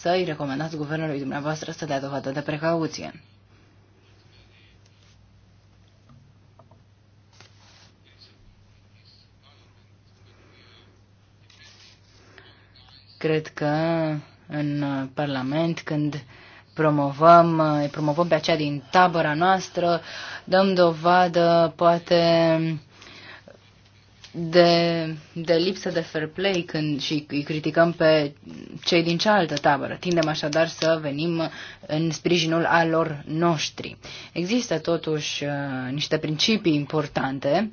A: să-i recomandați guvernului dumneavoastră să dea dovadă de precauție. Cred că în Parlament, când promovăm, îi promovăm pe aceea din tabăra noastră, dăm dovadă poate de, de lipsă de fair play când și îi criticăm pe cei din cealaltă tabără. Tindem așadar să venim în sprijinul alor noștri. Există totuși uh, niște principii importante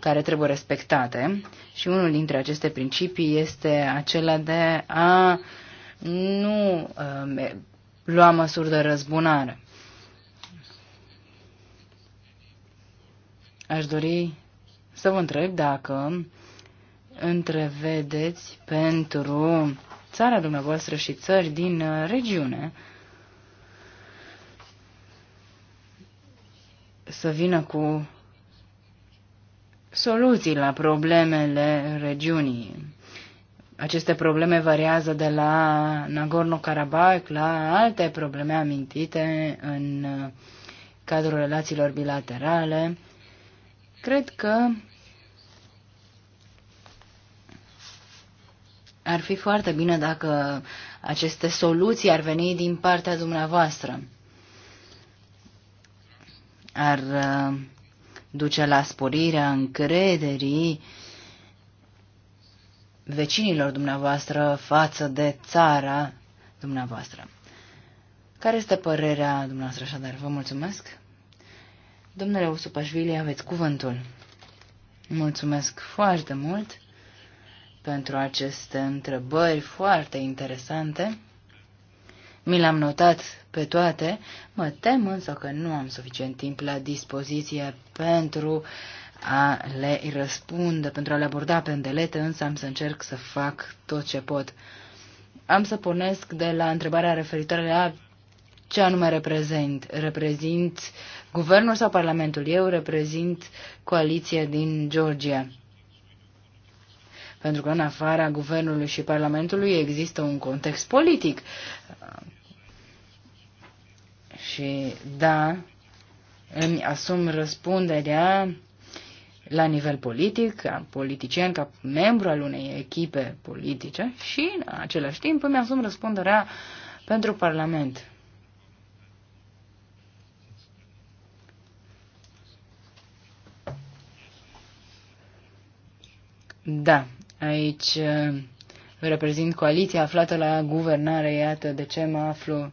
A: care trebuie respectate și unul dintre aceste principii este acela de a nu uh, lua măsuri de răzbunare. Aș dori să vă întreb dacă întrevedeți pentru țara dumneavoastră și țări din uh, regiune să vină cu soluții la problemele regiunii. Aceste probleme variază de la Nagorno-Karabakh la alte probleme amintite în uh, cadrul relațiilor bilaterale. Cred că ar fi foarte bine dacă aceste soluții ar veni din partea dumneavoastră. Ar uh, duce la sporirea încrederii vecinilor dumneavoastră față de țara dumneavoastră. Care este părerea dumneavoastră așadar? Vă mulțumesc. Domnule Usupașvili, aveți cuvântul. Mulțumesc foarte mult pentru aceste întrebări foarte interesante. Mi le-am notat pe toate, mă tem însă că nu am suficient timp la dispoziție pentru a le răspunde, pentru a le aborda pe îndelete, însă am să încerc să fac tot ce pot. Am să pornesc de la întrebarea referitoare la ce anume reprezint. Reprezint guvernul sau parlamentul? Eu reprezint coaliția din Georgia. Pentru că în afara guvernului și parlamentului există un context politic. Și da, îmi asum răspunderea la nivel politic, ca politician, ca membru al unei echipe politice și, în același timp, îmi asum răspunderea pentru Parlament. Da, aici uh, reprezint coaliția aflată la guvernare, iată de ce mă aflu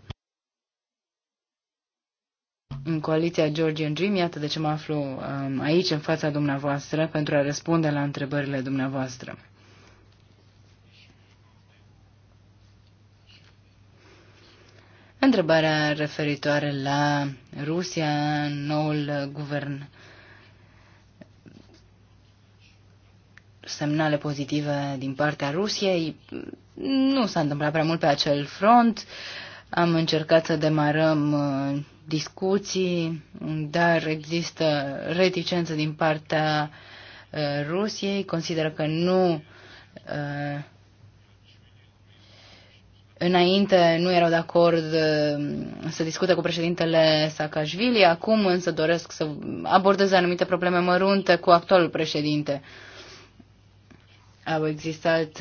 A: în coaliția Georgian Dream, iată de ce mă aflu um, aici, în fața dumneavoastră, pentru a răspunde la întrebările dumneavoastră. Întrebarea referitoare la Rusia, noul guvern, semnale pozitive din partea Rusiei, nu s-a întâmplat prea mult pe acel front. Uh, am încercat să demarăm uh, discuții, dar există reticență din partea uh, Rusiei. Consideră că nu uh, înainte nu erau de acord să discute cu președintele Sakashvili. acum însă doresc să abordeze anumite probleme mărunte cu actualul președinte. Au existat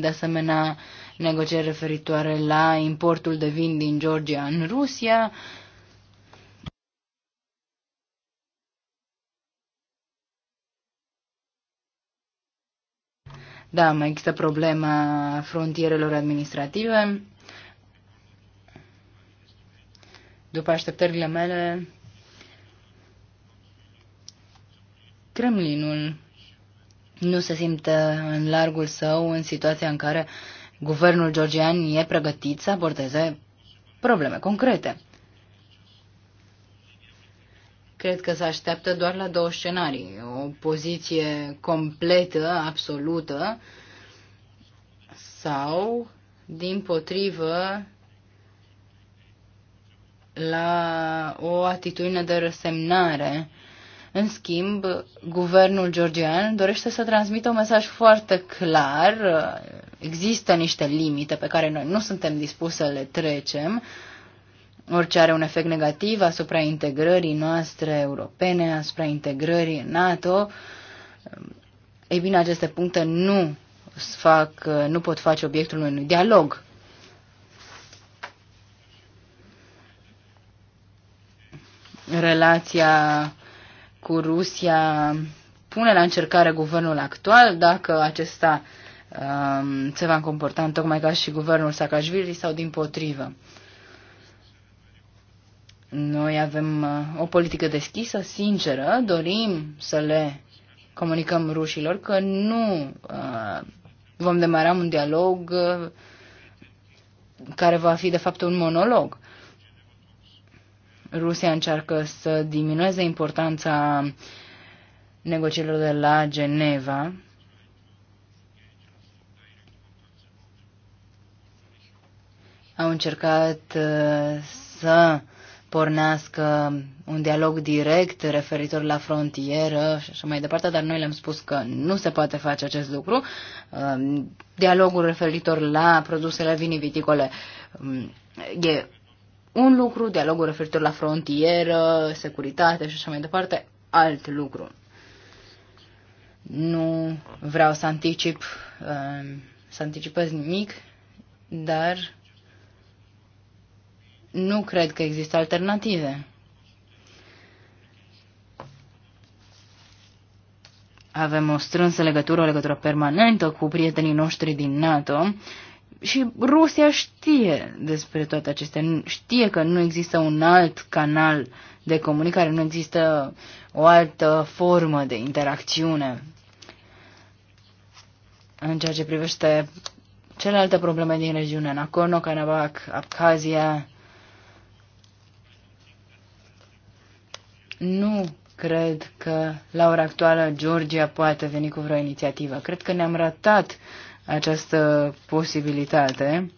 A: de asemenea negocieri referitoare la importul de vin din Georgia în Rusia. Da, mai există problema frontierelor administrative. După așteptările mele, Kremlinul nu se simte în largul său în situația în care guvernul georgian e pregătit să abordeze probleme concrete. Cred că se așteaptă doar la două scenarii. O poziție completă, absolută, sau, din potrivă, la o atitudine de resemnare. În schimb, guvernul georgian dorește să transmită un mesaj foarte clar există niște limite pe care noi nu suntem dispuși să le trecem, orice are un efect negativ asupra integrării noastre europene, asupra integrării NATO, ei bine, aceste puncte nu, fac, nu pot face obiectul unui dialog. Relația cu Rusia pune la încercare guvernul actual, dacă acesta uh, Um, se va comporta în tocmai ca și guvernul Saakashvili sau din potrivă. Noi avem uh, o politică deschisă, sinceră, dorim să le comunicăm rușilor că nu uh, vom demara un dialog uh, care va fi de fapt un monolog. Rusia încearcă să diminueze importanța negocierilor de la Geneva încercat uh, să pornească un dialog direct referitor la frontieră și așa mai departe, dar noi le-am spus că nu se poate face acest lucru. Um, dialogul referitor la produsele viniviticole um, e un lucru, dialogul referitor la frontieră, securitate și așa mai departe, alt lucru. Nu vreau să anticip, um, să anticipez nimic, dar nu cred că există alternative. Avem o strânsă legătură, o legătură permanentă cu prietenii noștri din NATO și Rusia știe despre toate acestea. Știe că nu există un alt canal de comunicare, nu există o altă formă de interacțiune. În ceea ce privește celelalte probleme din regiune, Nagorno-Karabakh, Abkhazia, Nu cred că la ora actuală Georgia poate veni cu vreo inițiativă. Cred că ne-am ratat această posibilitate.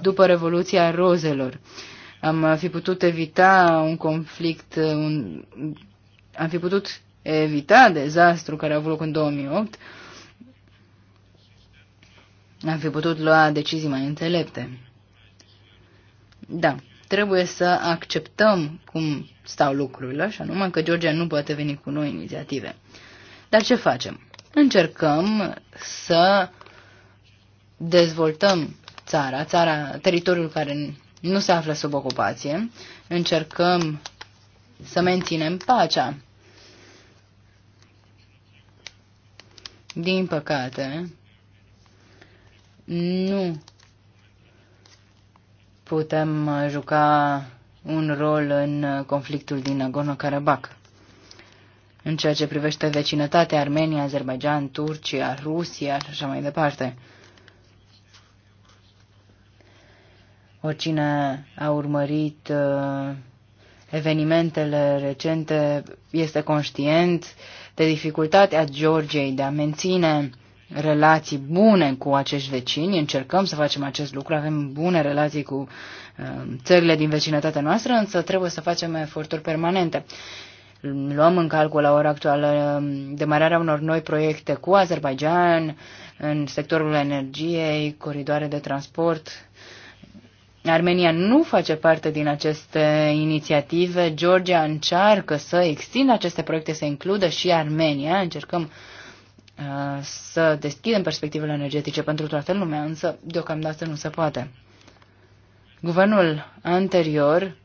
A: După Revoluția Rozelor am fi putut evita un conflict, un, am fi putut evita dezastru care a avut loc în 2008, am fi putut lua decizii mai înțelepte. Da, trebuie să acceptăm cum stau lucrurile, așa numai că Georgia nu poate veni cu noi inițiative. Dar ce facem? Încercăm să dezvoltăm țara, țara, teritoriul care nu se află sub ocupație, încercăm să menținem pacea. Din păcate, nu putem uh, juca un rol în uh, conflictul din Nagorno-Karabakh. În ceea ce privește vecinătatea Armenia, Azerbaijan, Turcia, Rusia și așa mai departe. Oricine a urmărit uh, evenimentele recente este conștient de dificultatea Georgiei de a menține uh, relații bune cu acești vecini, încercăm să facem acest lucru, avem bune relații cu uh, țările din vecinătatea noastră, însă trebuie să facem eforturi permanente. Luăm în calcul la ora actuală um, demararea unor noi proiecte cu Azerbaijan, în sectorul energiei, coridoare de transport. Armenia nu face parte din aceste inițiative. Georgia încearcă să extindă aceste proiecte, să includă și Armenia. Încercăm uh, Uh, să deschidem perspectivele energetice pentru toată lumea, însă deocamdată nu se poate. Guvernul anterior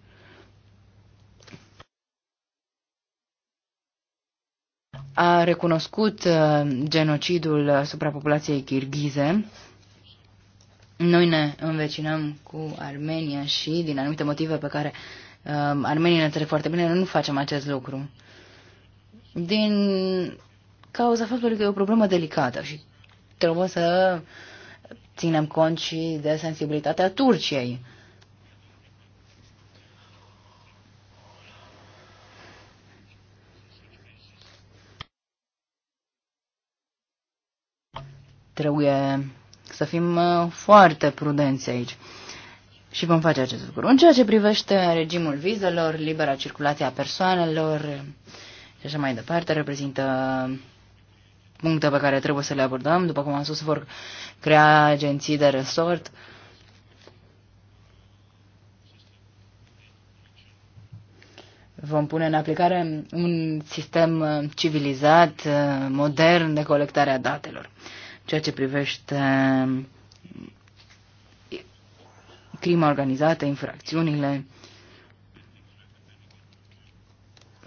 A: a recunoscut uh, genocidul asupra populației kirghize. Noi ne învecinăm cu Armenia și, din anumite motive pe care uh, Armenia armenii ne înțeleg foarte bine, noi nu facem acest lucru. Din cauza faptului că e o problemă delicată și trebuie să ținem cont și de sensibilitatea Turciei. Trebuie să fim uh, foarte prudenți aici și vom face acest lucru. În ceea ce privește regimul vizelor, libera circulație a persoanelor uh, și așa mai departe, reprezintă puncte pe care trebuie să le abordăm. După cum am spus, vor crea agenții de resort. Vom pune în aplicare un sistem uh, civilizat, uh, modern de colectare a datelor. Ceea ce privește uh, crima organizată, infracțiunile,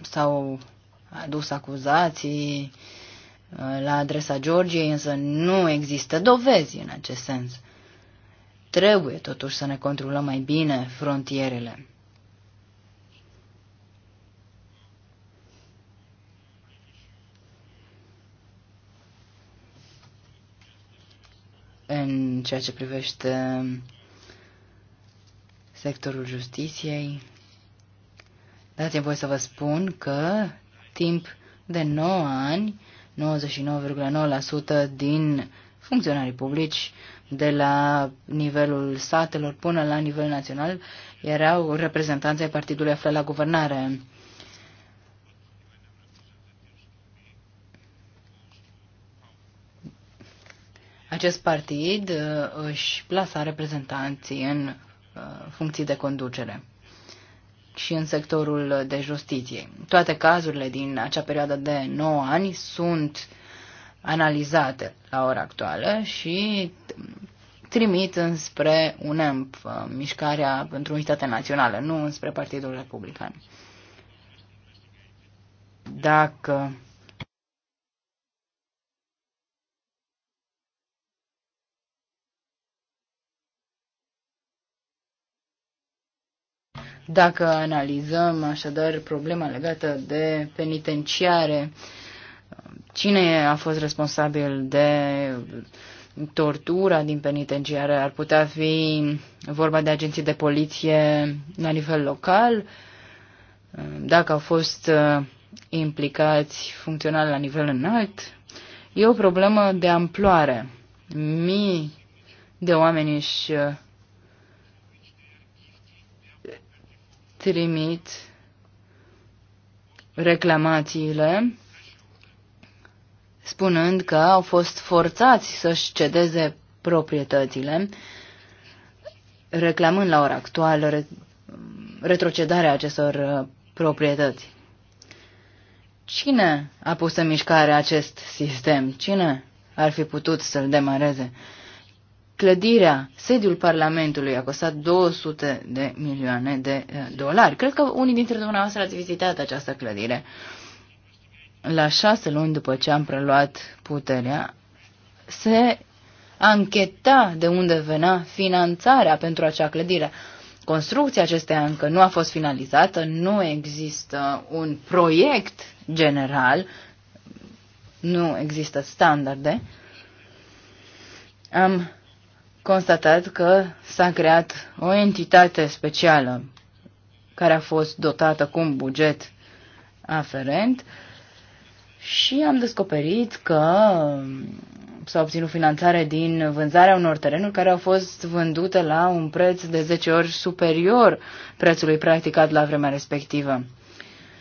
A: sau adus acuzații Uh, la adresa Georgiei, însă nu există dovezi în acest sens. Trebuie totuși să ne controlăm mai bine frontierele. În ceea ce privește sectorul justiției, dați-mi voi să vă spun că timp de 9 ani 99,9% din funcționarii publici de la nivelul statelor până la nivel național erau reprezentanți ai partidului aflat la guvernare. Acest partid uh, își plasa reprezentanții în uh, funcții de conducere și în sectorul de justiție. Toate cazurile din acea perioadă de 9 ani sunt analizate la ora actuală și trimit înspre UNEMP, uh, mișcarea pentru unitate națională, nu înspre Partidul Republican. Dacă Dacă analizăm așadar problema legată de penitenciare, cine a fost responsabil de tortura din penitenciare? Ar putea fi vorba de agenții de poliție la nivel local? Dacă au fost uh, implicați funcționali la nivel înalt? E o problemă de amploare. Mii de oameni își uh, trimit reclamațiile spunând că au fost forțați să-și cedeze proprietățile, reclamând la ora actuală retrocedarea acestor uh, proprietăți. Cine a pus în mișcare acest sistem? Cine ar fi putut să-l demareze? Clădirea, sediul Parlamentului a costat 200 de milioane de eh, dolari. Cred că unii dintre dumneavoastră ați vizitat această clădire. La șase luni după ce am preluat puterea, se ancheta de unde venea finanțarea pentru acea clădire. Construcția acesteia încă nu a fost finalizată, nu există un proiect general, nu există standarde. Am constatat că s-a creat o entitate specială care a fost dotată cu un buget aferent și am descoperit că s-a obținut finanțare din vânzarea unor terenuri care au fost vândute la un preț de 10 ori superior prețului practicat la vremea respectivă.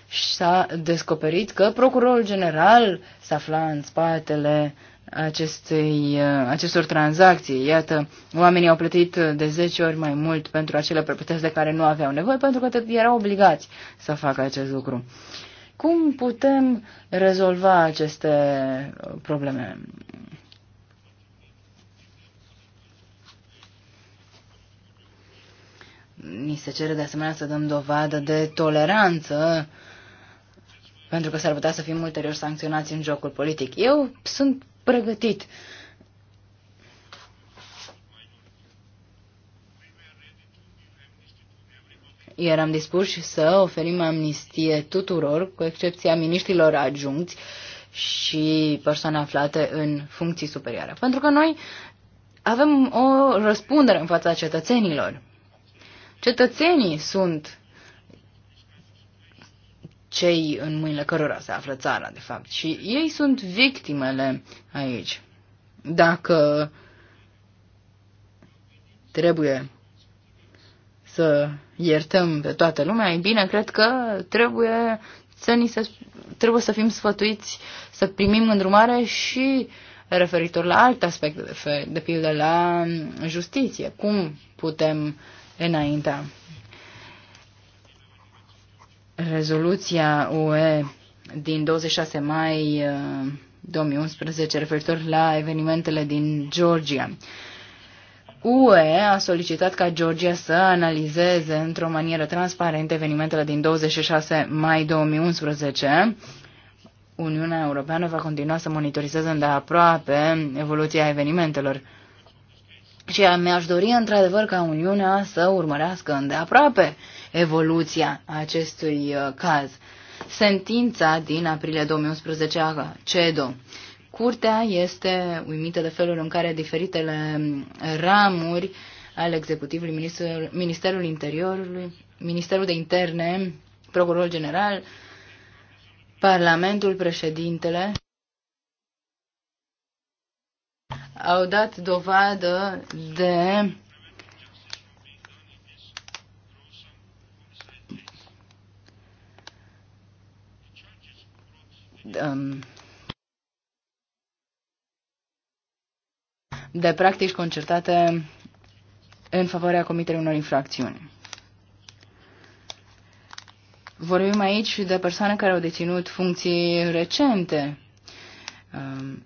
A: Și s-a descoperit că procurorul general s-a afla în spatele acestei, acestor tranzacții. Iată, oamenii au plătit de 10 ori mai mult pentru acele proprietăți de care nu aveau nevoie, pentru că erau obligați să facă acest lucru. Cum putem rezolva aceste probleme? Ni se cere de asemenea să dăm dovadă de toleranță pentru că s-ar putea să fim ulterior sancționați în jocul politic. Eu sunt pregătit. Eram dispuși să oferim amnistie tuturor, cu excepția miniștilor adjuncți și persoane aflate în funcții superioare. Pentru că noi avem o răspundere în fața cetățenilor. Cetățenii sunt cei în mâinile cărora se află țara, de fapt. Și ei sunt victimele aici. Dacă trebuie să iertăm pe toată lumea, e bine, cred că trebuie să, ni se, trebuie să fim sfătuiți să primim îndrumare și referitor la alte aspecte, de, fe, de pildă la justiție. Cum putem înainta Rezoluția UE din 26 mai 2011 uh, referitor la evenimentele din Georgia. UE a solicitat ca Georgia să analizeze într-o manieră transparentă evenimentele din 26 mai 2011. Uniunea Europeană va continua să monitorizeze îndeaproape evoluția evenimentelor. Și mi-aș dori, într-adevăr, ca Uniunea să urmărească îndeaproape evoluția acestui uh, caz. Sentința din aprilie 2011 a CEDO. Curtea este uimită de felul în care diferitele mm, ramuri al executivului Ministerul, Ministerul Interiorului, Ministerul de Interne, Procurorul General, Parlamentul, Președintele au dat dovadă de um, de practici concertate în favoarea comiterii unor infracțiuni. Vorbim aici de persoane care au deținut funcții recente. Um,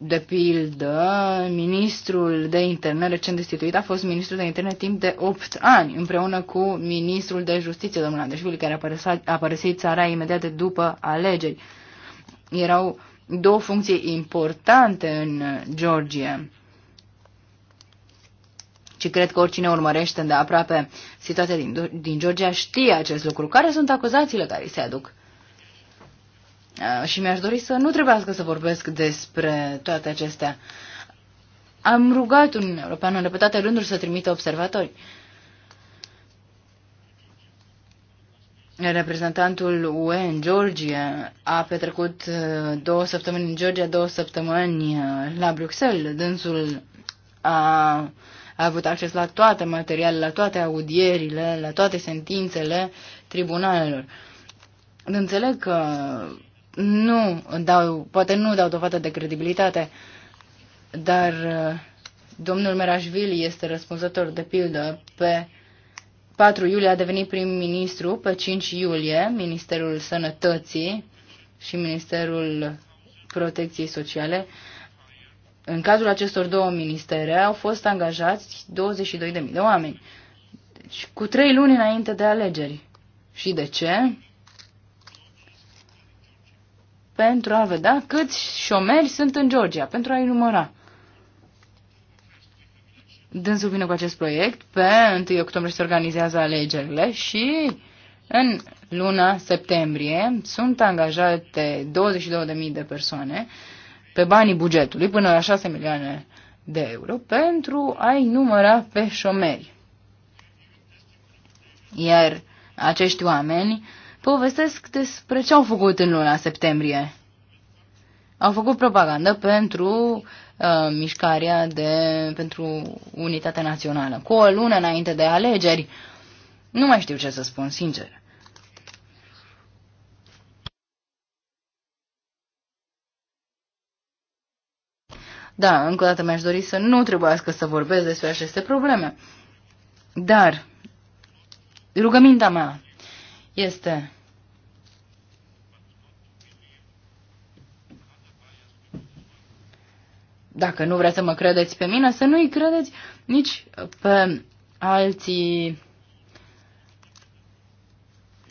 A: de pildă, ministrul de interne recent destituit a fost ministrul de interne timp de 8 ani, împreună cu ministrul de justiție, domnul Andeșvili, care a părăsit, țara imediat de după alegeri. Erau două funcții importante în Georgia. Și cred că oricine urmărește de aproape situația din, din Georgia știe acest lucru. Care sunt acuzațiile care se aduc? Uh, și mi-aș dori să nu trebuiască să vorbesc despre toate acestea. Am rugat un european în repetate rânduri să trimită observatori. Reprezentantul UE în Georgia a petrecut uh, două săptămâni în Georgia, două săptămâni uh, la Bruxelles. Dânsul a, a avut acces la toate materialele, la toate audierile, la toate sentințele tribunalelor. Înțeleg că nu dau, poate nu dau dovadă de credibilitate, dar uh, domnul Merașvili este răspunzător de pildă pe 4 iulie a devenit prim-ministru, pe 5 iulie Ministerul Sănătății și Ministerul Protecției Sociale. În cazul acestor două ministere au fost angajați 22.000 de oameni. Deci, cu trei luni înainte de alegeri. Și de ce? pentru a vedea câți șomeri sunt în Georgia, pentru a-i număra. Dânsul vine cu acest proiect, pe 1 octombrie se organizează alegerile și în luna septembrie sunt angajate 22.000 de persoane pe banii bugetului, până la 6 milioane de euro, pentru a-i număra pe șomeri. Iar acești oameni povestesc despre ce au făcut în luna septembrie. Au făcut propagandă pentru uh, mișcarea de, pentru unitatea națională. Cu o lună înainte de alegeri, nu mai știu ce să spun, sincer. Da, încă o dată mi-aș dori să nu trebuiască să vorbesc despre aceste probleme. Dar rugămintea mea este dacă nu vreți să mă credeți pe mine, să nu-i credeți nici pe alții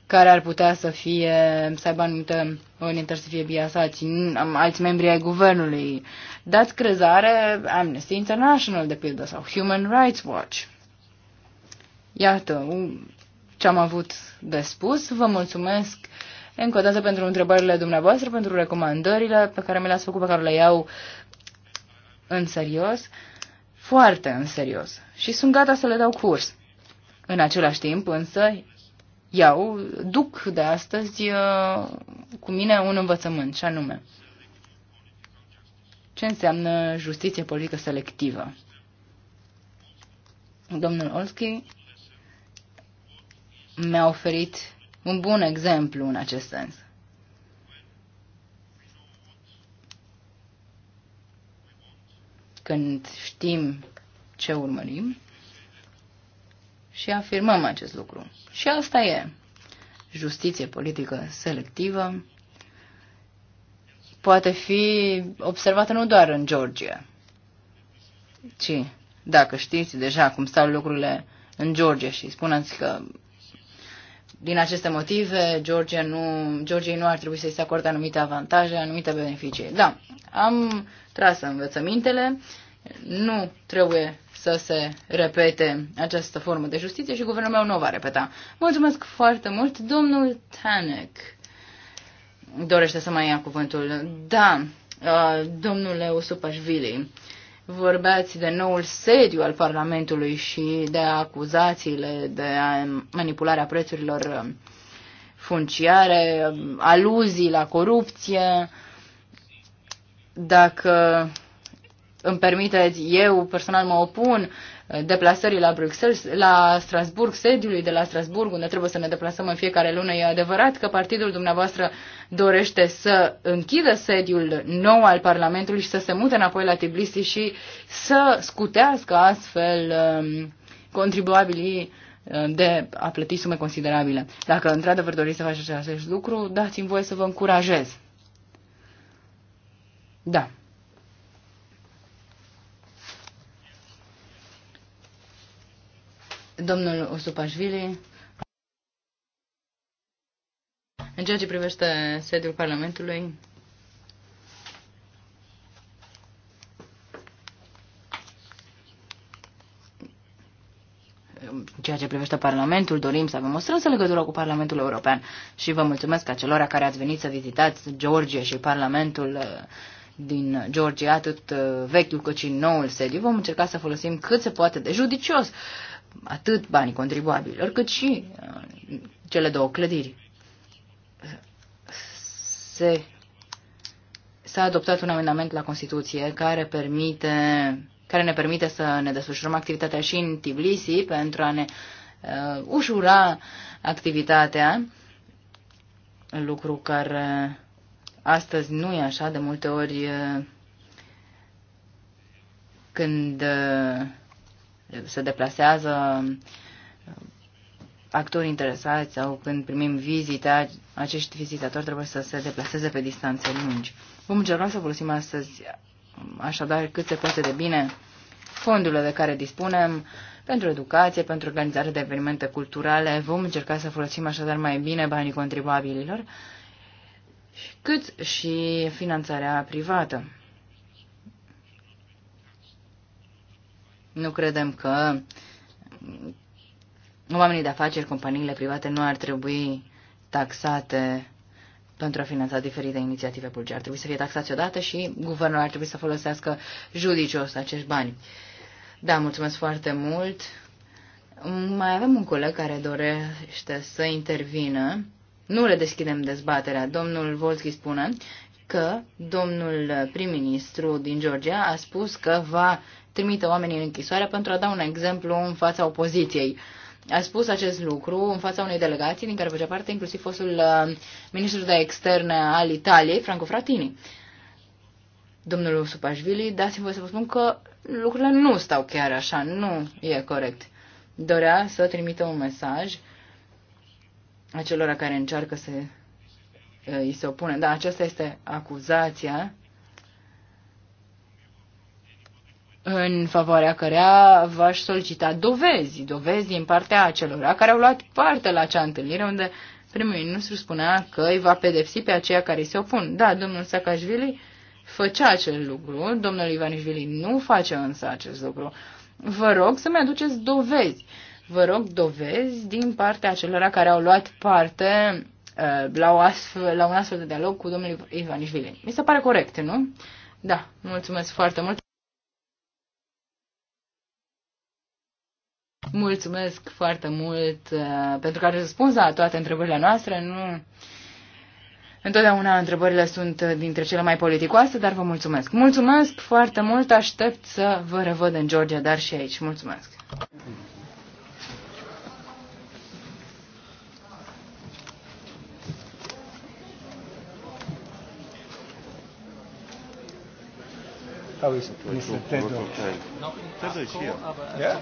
A: care ar putea să fie, să aibă anumite orientări să fie biasați, alți membri ai guvernului. Dați crezare Amnesty International, de pildă, sau Human Rights Watch. Iată, un ce am avut de spus. Vă mulțumesc încă o dată pentru întrebările dumneavoastră, pentru recomandările pe care mi le-ați făcut, pe care le iau în serios, foarte în serios. Și sunt gata să le dau curs. În același timp, însă, iau, duc de astăzi uh, cu mine un învățământ, și anume, ce înseamnă justiție politică selectivă. Domnul Olski mi-a oferit un bun exemplu în acest sens. Când știm ce urmărim și afirmăm acest lucru. Și asta e justiție politică selectivă poate fi observată nu doar în Georgia, ci dacă știți deja cum stau lucrurile în Georgia și spuneți că din aceste motive, Georgia nu, Georgiei nu ar trebui să-i se acorde anumite avantaje, anumite beneficii. Da, am tras învățămintele, nu trebuie să se repete această formă de justiție și guvernul meu nu o va repeta. Mulțumesc foarte mult, domnul Tanek. Dorește să mai ia cuvântul. Da, uh, domnule Usupașvili, vorbeați de noul sediu al Parlamentului și de acuzațiile de manipularea prețurilor uh, funciare, um, aluzii la corupție. Dacă îmi permiteți, eu personal mă opun deplasării la Bruxelles, la Strasburg, sediului de la Strasburg, unde trebuie să ne deplasăm în fiecare lună. E adevărat că partidul dumneavoastră dorește să închidă sediul nou al Parlamentului și să se mute înapoi la Tbilisi și să scutească astfel um, contribuabilii um, de a plăti sume considerabile. Dacă într-adevăr doriți să faceți acest lucru, dați-mi voie să vă încurajez. Da. Domnul Usupașvili, în ceea ce privește sediul Parlamentului, în ceea ce privește Parlamentul, dorim să avem o strânsă legătură cu Parlamentul European și vă mulțumesc acelora care ați venit să vizitați Georgia și Parlamentul uh, din Georgia, atât uh, vechiul cât și noul sediu. Vom încerca să folosim cât se poate de judicios atât banii contribuabililor, cât și uh, cele două clădiri. Se, s-a adoptat un amendament la Constituție care permite care ne permite să ne desfășurăm activitatea și în Tbilisi pentru a ne uh, ușura activitatea, lucru care astăzi nu e așa, de multe ori uh, când uh, se deplasează uh, actori interesați sau când primim vizite, acești vizitatori trebuie să se deplaseze pe distanțe lungi. Vom încerca să folosim astăzi așadar cât se poate de bine fondurile de care dispunem pentru educație, pentru organizare de evenimente culturale. Vom încerca să folosim așadar mai bine banii contribuabililor cât și finanțarea privată. Nu credem că oamenii de afaceri, companiile private nu ar trebui taxate pentru a finanța diferite inițiative publice. Ar trebui să fie taxați odată și guvernul ar trebui să folosească judicios acești bani. Da, mulțumesc foarte mult. Mai avem un coleg care dorește să intervină. Nu le deschidem dezbaterea. Domnul Volski spune că domnul prim-ministru din Georgia a spus că va trimite oamenii în închisoare pentru a da un exemplu în fața opoziției. A spus acest lucru în fața unei delegații din care făcea parte inclusiv fostul uh, ministru de externe al Italiei, Franco Fratini. Domnul Supașvili, dați vă să vă spun că lucrurile nu stau chiar așa, nu e corect. Dorea să trimită un mesaj acelora care încearcă să uh, îi se opune. Da, aceasta este acuzația în favoarea cărea v-aș solicita dovezi, dovezi din partea acelora care au luat parte la acea întâlnire unde primul ministru spunea că îi va pedepsi pe aceia care îi se opun. Da, domnul Saakashvili făcea acel lucru, domnul Ivanișvili nu face însă acest lucru. Vă rog să-mi aduceți dovezi. Vă rog dovezi din partea acelora care au luat parte uh, la, o astfel, la un astfel de dialog cu domnul Ivanișvili. Mi se pare corect, nu? Da, mulțumesc foarte mult. Mulțumesc foarte mult uh, pentru că ați răspuns la toate întrebările noastre. Nu... Întotdeauna întrebările sunt dintre cele mai politicoase, dar vă mulțumesc. Mulțumesc foarte mult, aștept să vă revăd în Georgia, dar și aici. Mulțumesc!
C: How is it, Mr. Tedo? is here. Yeah?